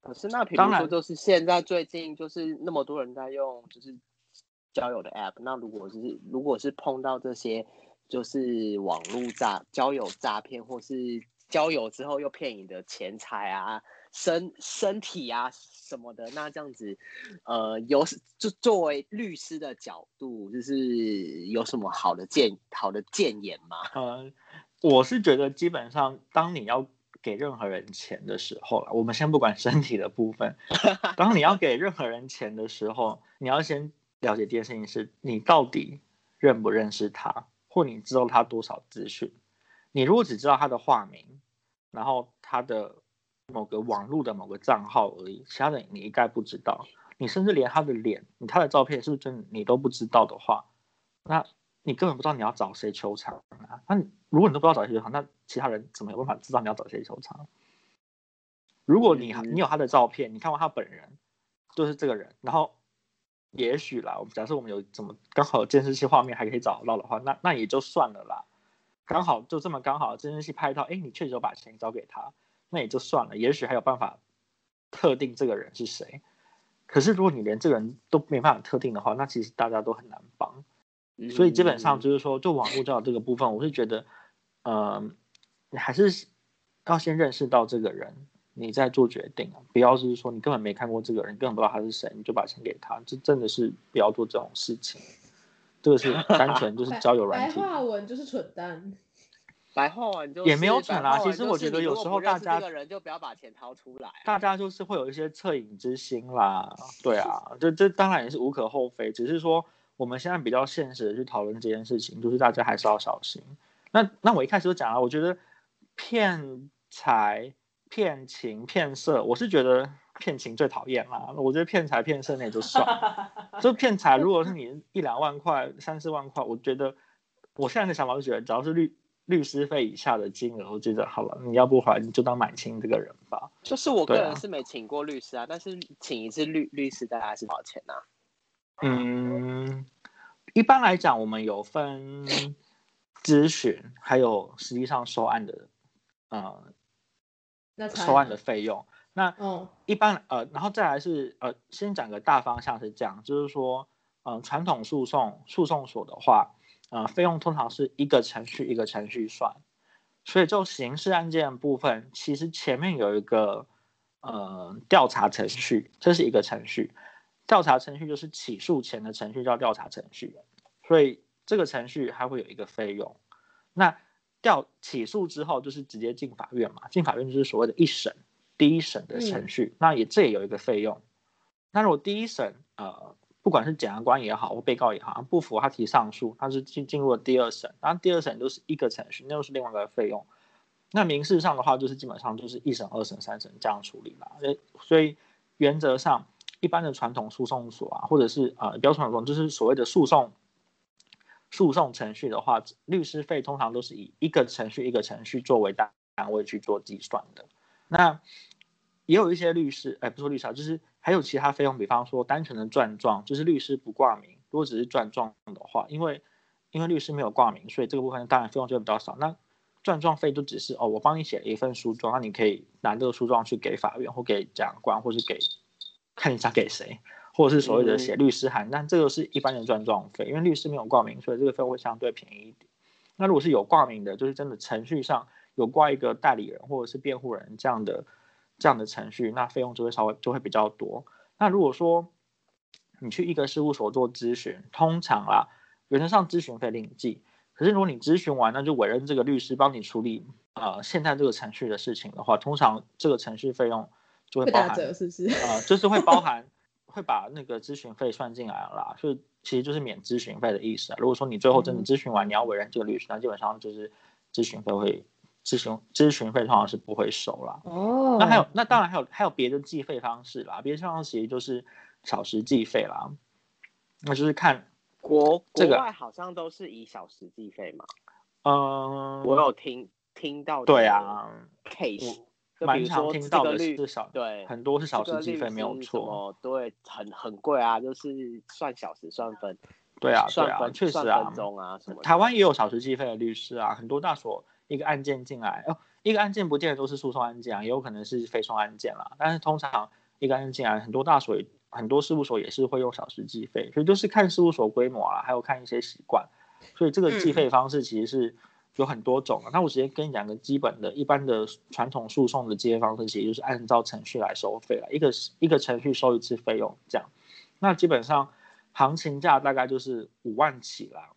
可是那比如說，就是現在最近就是那麼多人在用，就是交友的 app 當然。那如果是如果是碰到這些，就是網絡詐交友詐騙，或是交友之後又騙你的錢財啊、身身體啊什麼的，那這樣子，呃，有就作為律師的角度，就是有什麼好的建好的建言嗎？嗯、呃，我是覺得基本上當你要。給任何人錢的時候了，我們先不管身體的部分。當你要給任何人錢的時候，你要先了解一件事情，是你到底認不認識他，或你知道他多少資訊。你如果只知道他的化名，然後他的某個網路的某個賬號而已，其他的你一概不知道，你甚至連他的臉、他的照片是不是真你都不知道的話，那。你根本不知道你要找誰求償啊！那如果你都不知道找誰求償，那其他人怎麼有辦法知道你要找誰求償？如果你你有他的照片，你看過他本人，就是這個人，然後也許啦，假設我們有怎麼剛好監視器畫面還可以找得到的話，那那也就算了啦。剛好就這麼剛好監視器拍到，哎、欸，你確實有把錢交給他，那也就算了。也許還有辦法特定這個人是誰。可是如果你連這個人都沒辦法特定的話，那其實大家都很難幫。所以基本上就是說，做網絡交友這個部分，我是覺得，嗯，你還是要先認識到這個人，你再做決定啊，不要就是說你根本沒看過這個人，你根本不知道他是誰，你就把錢給他，這真的是不要做這種事情。這個是單純就是交友軟件。白話文就是蠢蛋，白話文就也沒有蠢啦、啊。其實我覺得有時候大家，這個人就不要把錢掏出來，大家就是會有一些惻隱之心啦，對啊，這這當然也是無可厚非，只是說。我們現在比較現實的去討論這件事情，就是大家還是要小心。那那我一開始就講了、啊，我覺得騙財、騙情、騙色，我是覺得騙情最討厭啦、啊。我覺得騙財騙色那也就算了， 就騙財，如果是你一兩萬塊、 三四萬塊，我覺得我現在的想法是覺得，只要是律律師費以下的金額，我覺得好了，你要不還，你就當買清這個人吧。就是我個人是沒請過律師啊，啊但是請一次律律師大概是多少錢呢、啊？嗯，一般來講，我們有分諮詢，還有實際上收案的，呃，那才收案的費用。那一般、哦、呃，然後再來是呃，先講個大方向是這樣，就是說，嗯、呃，傳統訴訟訴訟所的話，呃，費用通常是一個程序一個程序算，所以就刑事案件部分，其實前面有一個呃調查程序，這是一個程序。調查程序就是起訴前的程序叫調查程序，所以這個程序還會有一個費用。那調起訴之後就是直接進法院嘛，進法院就是所謂的一審，第一審的程序，那也這也有一個費用。那如果第一審呃，不管是檢察官也好或被告也好，不服他提上訴，他是進進入了第二審，那第二審就是一個程序，那又是另外一個費用。那民事上的話，就是基本上就是一審、二審、三審這樣處理嘛。所以原則上。一般的傳統訴訟所啊，或者是啊，標準傳就是所謂的訴訟訴訟程序的話，律師費通常都是以一個程序一個程序作為單位去做計算的。那也有一些律師，哎，不說律師啊，就是還有其他費用，比方說單純的撰狀，就是律師不掛名，如果只是撰狀的話，因為因為律師沒有掛名，所以這個部分當然費用就會比較少。那撰狀費就只是哦，我幫你寫一份訴狀，那你可以拿這個訴狀去給法院或給檢察官或是給。看你想給誰，或者是所謂的寫律師函，mm hmm. 但這個是一般人撰狀費，因為律師沒有掛名，所以這個費用會相對便宜一點。那如果是有掛名的，就是真的程序上有掛一個代理人或者是辯護人這樣的這樣的程序，那費用就會稍微就會比較多。那如果說你去一個事務所做諮詢，通常啦，原則上諮詢費另計，可是如果你諮詢完，那就委任這個律師幫你處理啊、呃、現在這個程序的事情的話，通常這個程序費用就會包含，是不是啊、 呃，就是會包含，會把那個諮詢費算進來了啦， 就其實就是免諮詢費的意思啊。如果說你最後真的諮詢完，嗯、你要委任這個律師，那基本上就是諮詢費會諮詢諮詢費通常是不會收了。哦。那還有，那當然還有還有別的計費方式啦，別的地方其實就是小時計費啦，那就是看國這個國國外好像都是以小時計費嘛。嗯，我有聽聽到。對啊。case。蠻常聽到的，是律師對，很多是小時計費沒有錯，對、這個、對很很貴啊，就是算小時算分。對啊，算啊，分，確實啊，啊台灣也有小時計費的律師啊，很多大所一個案件進來哦，一個案件不見得都是訴訟案件啊，也有可能是非訟案件啊。但是通常一個案件進來，很多大所、很多事務所也是會用小時計費，所以就是看事務所規模啊，還有看一些習慣。所以這個計費方式其實是。嗯有很多種啊，那我直接跟你講個基本的，一般的傳統訴訟的這些方式，其實就是按照程序來收費了，一個一個程序收一次費用、哦、這樣，那基本上行情價大概就是五萬起啦。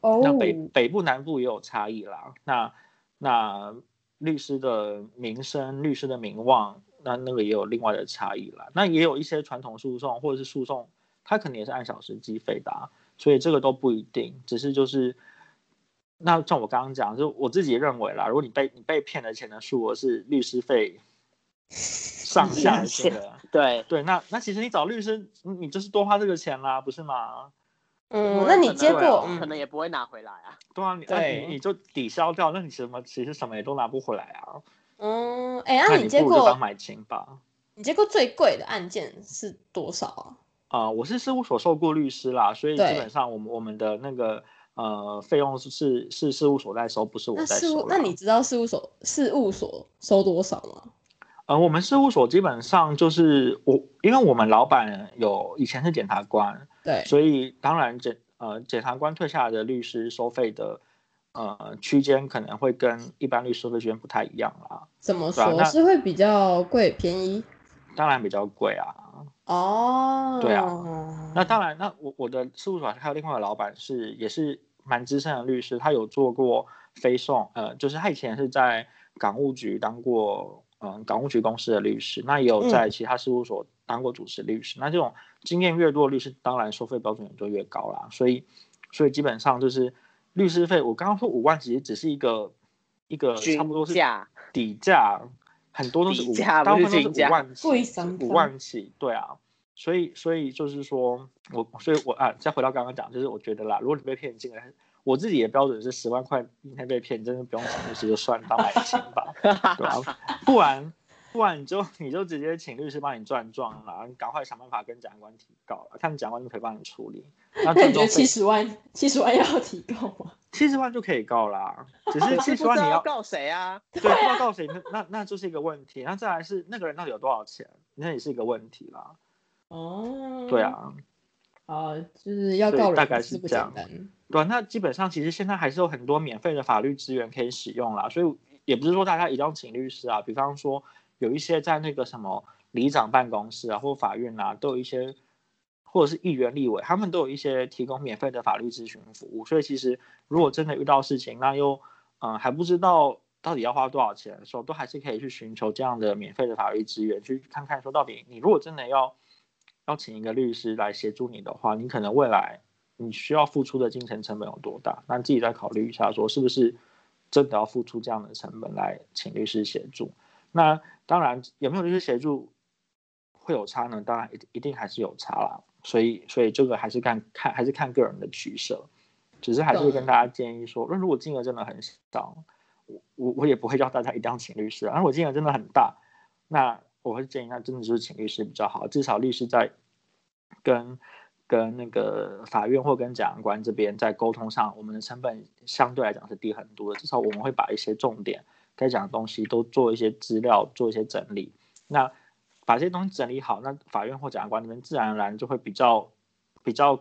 哦，那北、oh. 北部南部也有差異啦。那那律師的名聲、律師的名望，那那個也有另外的差異啦。那也有一些傳統訴訟或者是訴訟，他肯定也是按小時計費的、啊，所以這個都不一定，只是就是。那像我剛剛講，就我自己認為啦，如果你被你被騙的錢的數額是律師費上下限的， 對對，那那其實你找律師，你你就是多花這個錢啦，不是嗎？嗯，那你結果可能也不會拿回來啊。嗯、對啊，對你那你你就抵消掉，那你什麼其實什麼也都拿不回來啊。嗯，哎、啊，那你接過？你接過最貴的案件是多少？啊、呃，我是事務所受僱律師啦，所以基本上我們對我們的那個。呃，費用是是是事務所在收，不是我在收。那事務那你知道事務所事務所收多少嗎？呃，我們事務所基本上就是我，因為我們老板有以前是檢察官，對，所以當然檢呃檢察官退下來的律師收費的呃區間可能會跟一般律師收費區間不太一樣啊。怎麼說、啊、是會比較貴？便宜？當然比較貴啊。哦，oh. 對啊，那當然，那我我的事務所還有另外的老板是也是。蠻資深的律師，他有做過非訟，呃，就是他以前是在港務局當過，嗯，港務局公司的律師，那也有在其他事務所當過主持律師。嗯、那這種經驗越多的律師，當然收費標準也就越高啦。所以，所以基本上就是律師費，我剛剛說五萬，其實只是一個一個差不多是底價，價很多都是五萬，大部分都是五萬起，五萬起，對啊。所以，所以就是說，我，所以我啊，再回到剛剛講，就是我覺得啦，如果你被騙進來，我自己的標準是十萬塊一天被騙，真的不用請律師就算當愛情吧， 吧？不然，不然你就你就直接請律師幫你撰狀啦，你趕快想辦法跟檢察官提告，他們檢察官就可以幫你處理。那你覺得七十萬，七十被萬要提告嗎？七十萬就可以告啦，只是七十萬你要，要告誰啊？對，不要告誰，那那那就是一個問題。啊、那再來是那個人到底有多少錢，那也是一個問題啦。哦，對啊，啊，就是要到大概是不簡單，對啊，那基本上其實現在還是有很多免費的法律資源可以使用啦，所以也不是說大家一定要請律師啊，比方說有一些在那個什麼里長辦公室啊或法院啊，都有一些，或者是議員、立委，他們都有一些提供免費的法律諮詢服務，所以其實如果真的遇到事情，那又嗯、呃、還不知道到底要花多少錢的時候，都還是可以去尋求這樣的免費的法律資源，去看看說到底你如果真的要。邀請一個律師來協助你的話，你可能未來你需要付出的精神成本有多大？那自己再考慮一下，說是不是真的要付出這樣的成本來請律師協助？那當然，有沒有律師協助會有差呢？當然一一定還是有差啦，所以，所以這個還是看看還是看個人的取舍。只是還是會跟大家建議說，那如果金額真的很少，我我也不會叫大家一定要請律師啊。而我金額真的很大，那我會建議那真的就是請律師比較好，至少律師在。跟跟那個法院或跟檢察官這邊在溝通上，我們的成本相對來講是低很多的。至少我們會把一些重點該講的東西都做一些資料，做一些整理。那把這些東西整理好，那法院或檢察官那邊自然而然就會比較比較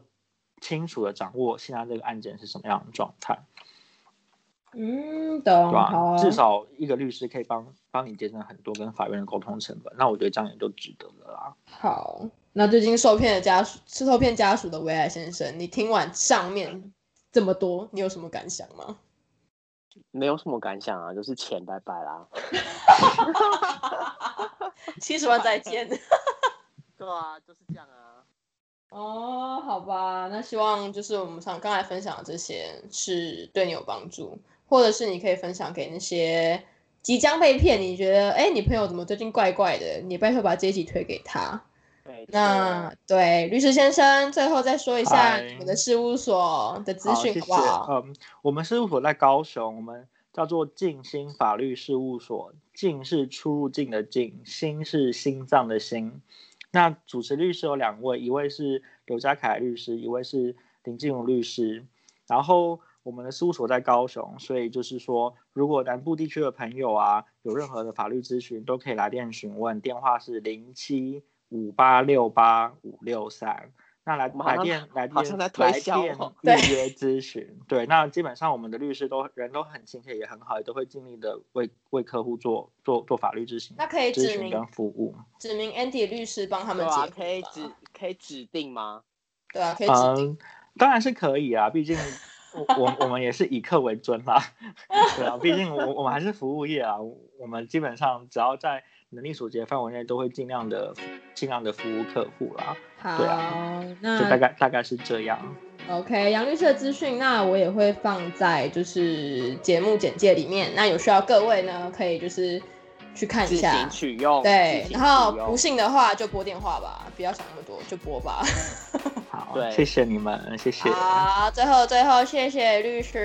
清楚的掌握現在這個案件是什麼樣的狀態。嗯，對吧？至少一個律師可以幫幫你節省很多跟法院的溝通成本。那我覺得這樣也就值得了啦。好。那最近受騙的家屬，受騙家屬的微矮先生，你聽完上面這麼多，你有什麼感想嗎？沒有什麼感想啊，就是錢拜拜啦，七十 萬再見， 對啊，就是這樣啊。哦，oh, 好吧，那希望就是我們上剛才分享的這些是對你有幫助，或者是你可以分享給那些即將被騙，你覺得哎、欸，你朋友怎麼最近怪怪的？你拜託把這些推給他。對，那對律師先生，最後再說一下你們的事務所的資訊吧。嗯，我們事務所在高雄，我們叫做境心法律事務所，境是出入境的境，心是心臟的心。那主持律師有兩位，一位是劉家凱律師，一位是林靜茹律師。然後我們的事務所在高雄，所以就是說，如果南部地區的朋友啊，有任何的法律諮詢，都可以來電詢問，電話是零七，五八六八五六三，3, 那來好像來電來電來電預約諮詢，對,對，那基本上我們的律師都人都很親切，也很好，也都會盡力的為為客戶做做做法律諮詢跟服務，那可以指明，指明 Andy 律師幫他們解、啊，可以指可以指定嗎？對啊，可以指定。嗯，當然是可以啊，畢竟我我我們也是以客為尊啦。 對啊，畢竟我我們還是服務業啊，我們基本上只要在。能力所及的範圍內，都會盡量的、盡量的服務客戶啦。好，對啊，那就大概、大概是這樣。OK，楊律師的資訊，那我也會放在就是節目簡介裡面。那有需要各位呢，可以就是去看一下，取用，對，然後不信的話就撥電話吧，不要想那麼多，就撥吧。 好，對謝謝你們，謝謝。好，最後、最後，謝謝律師，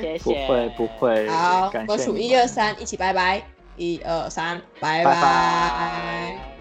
謝謝。不會，不會，不會。好，感謝我數一二三，3, 一起拜拜。一二三，拜拜。拜拜。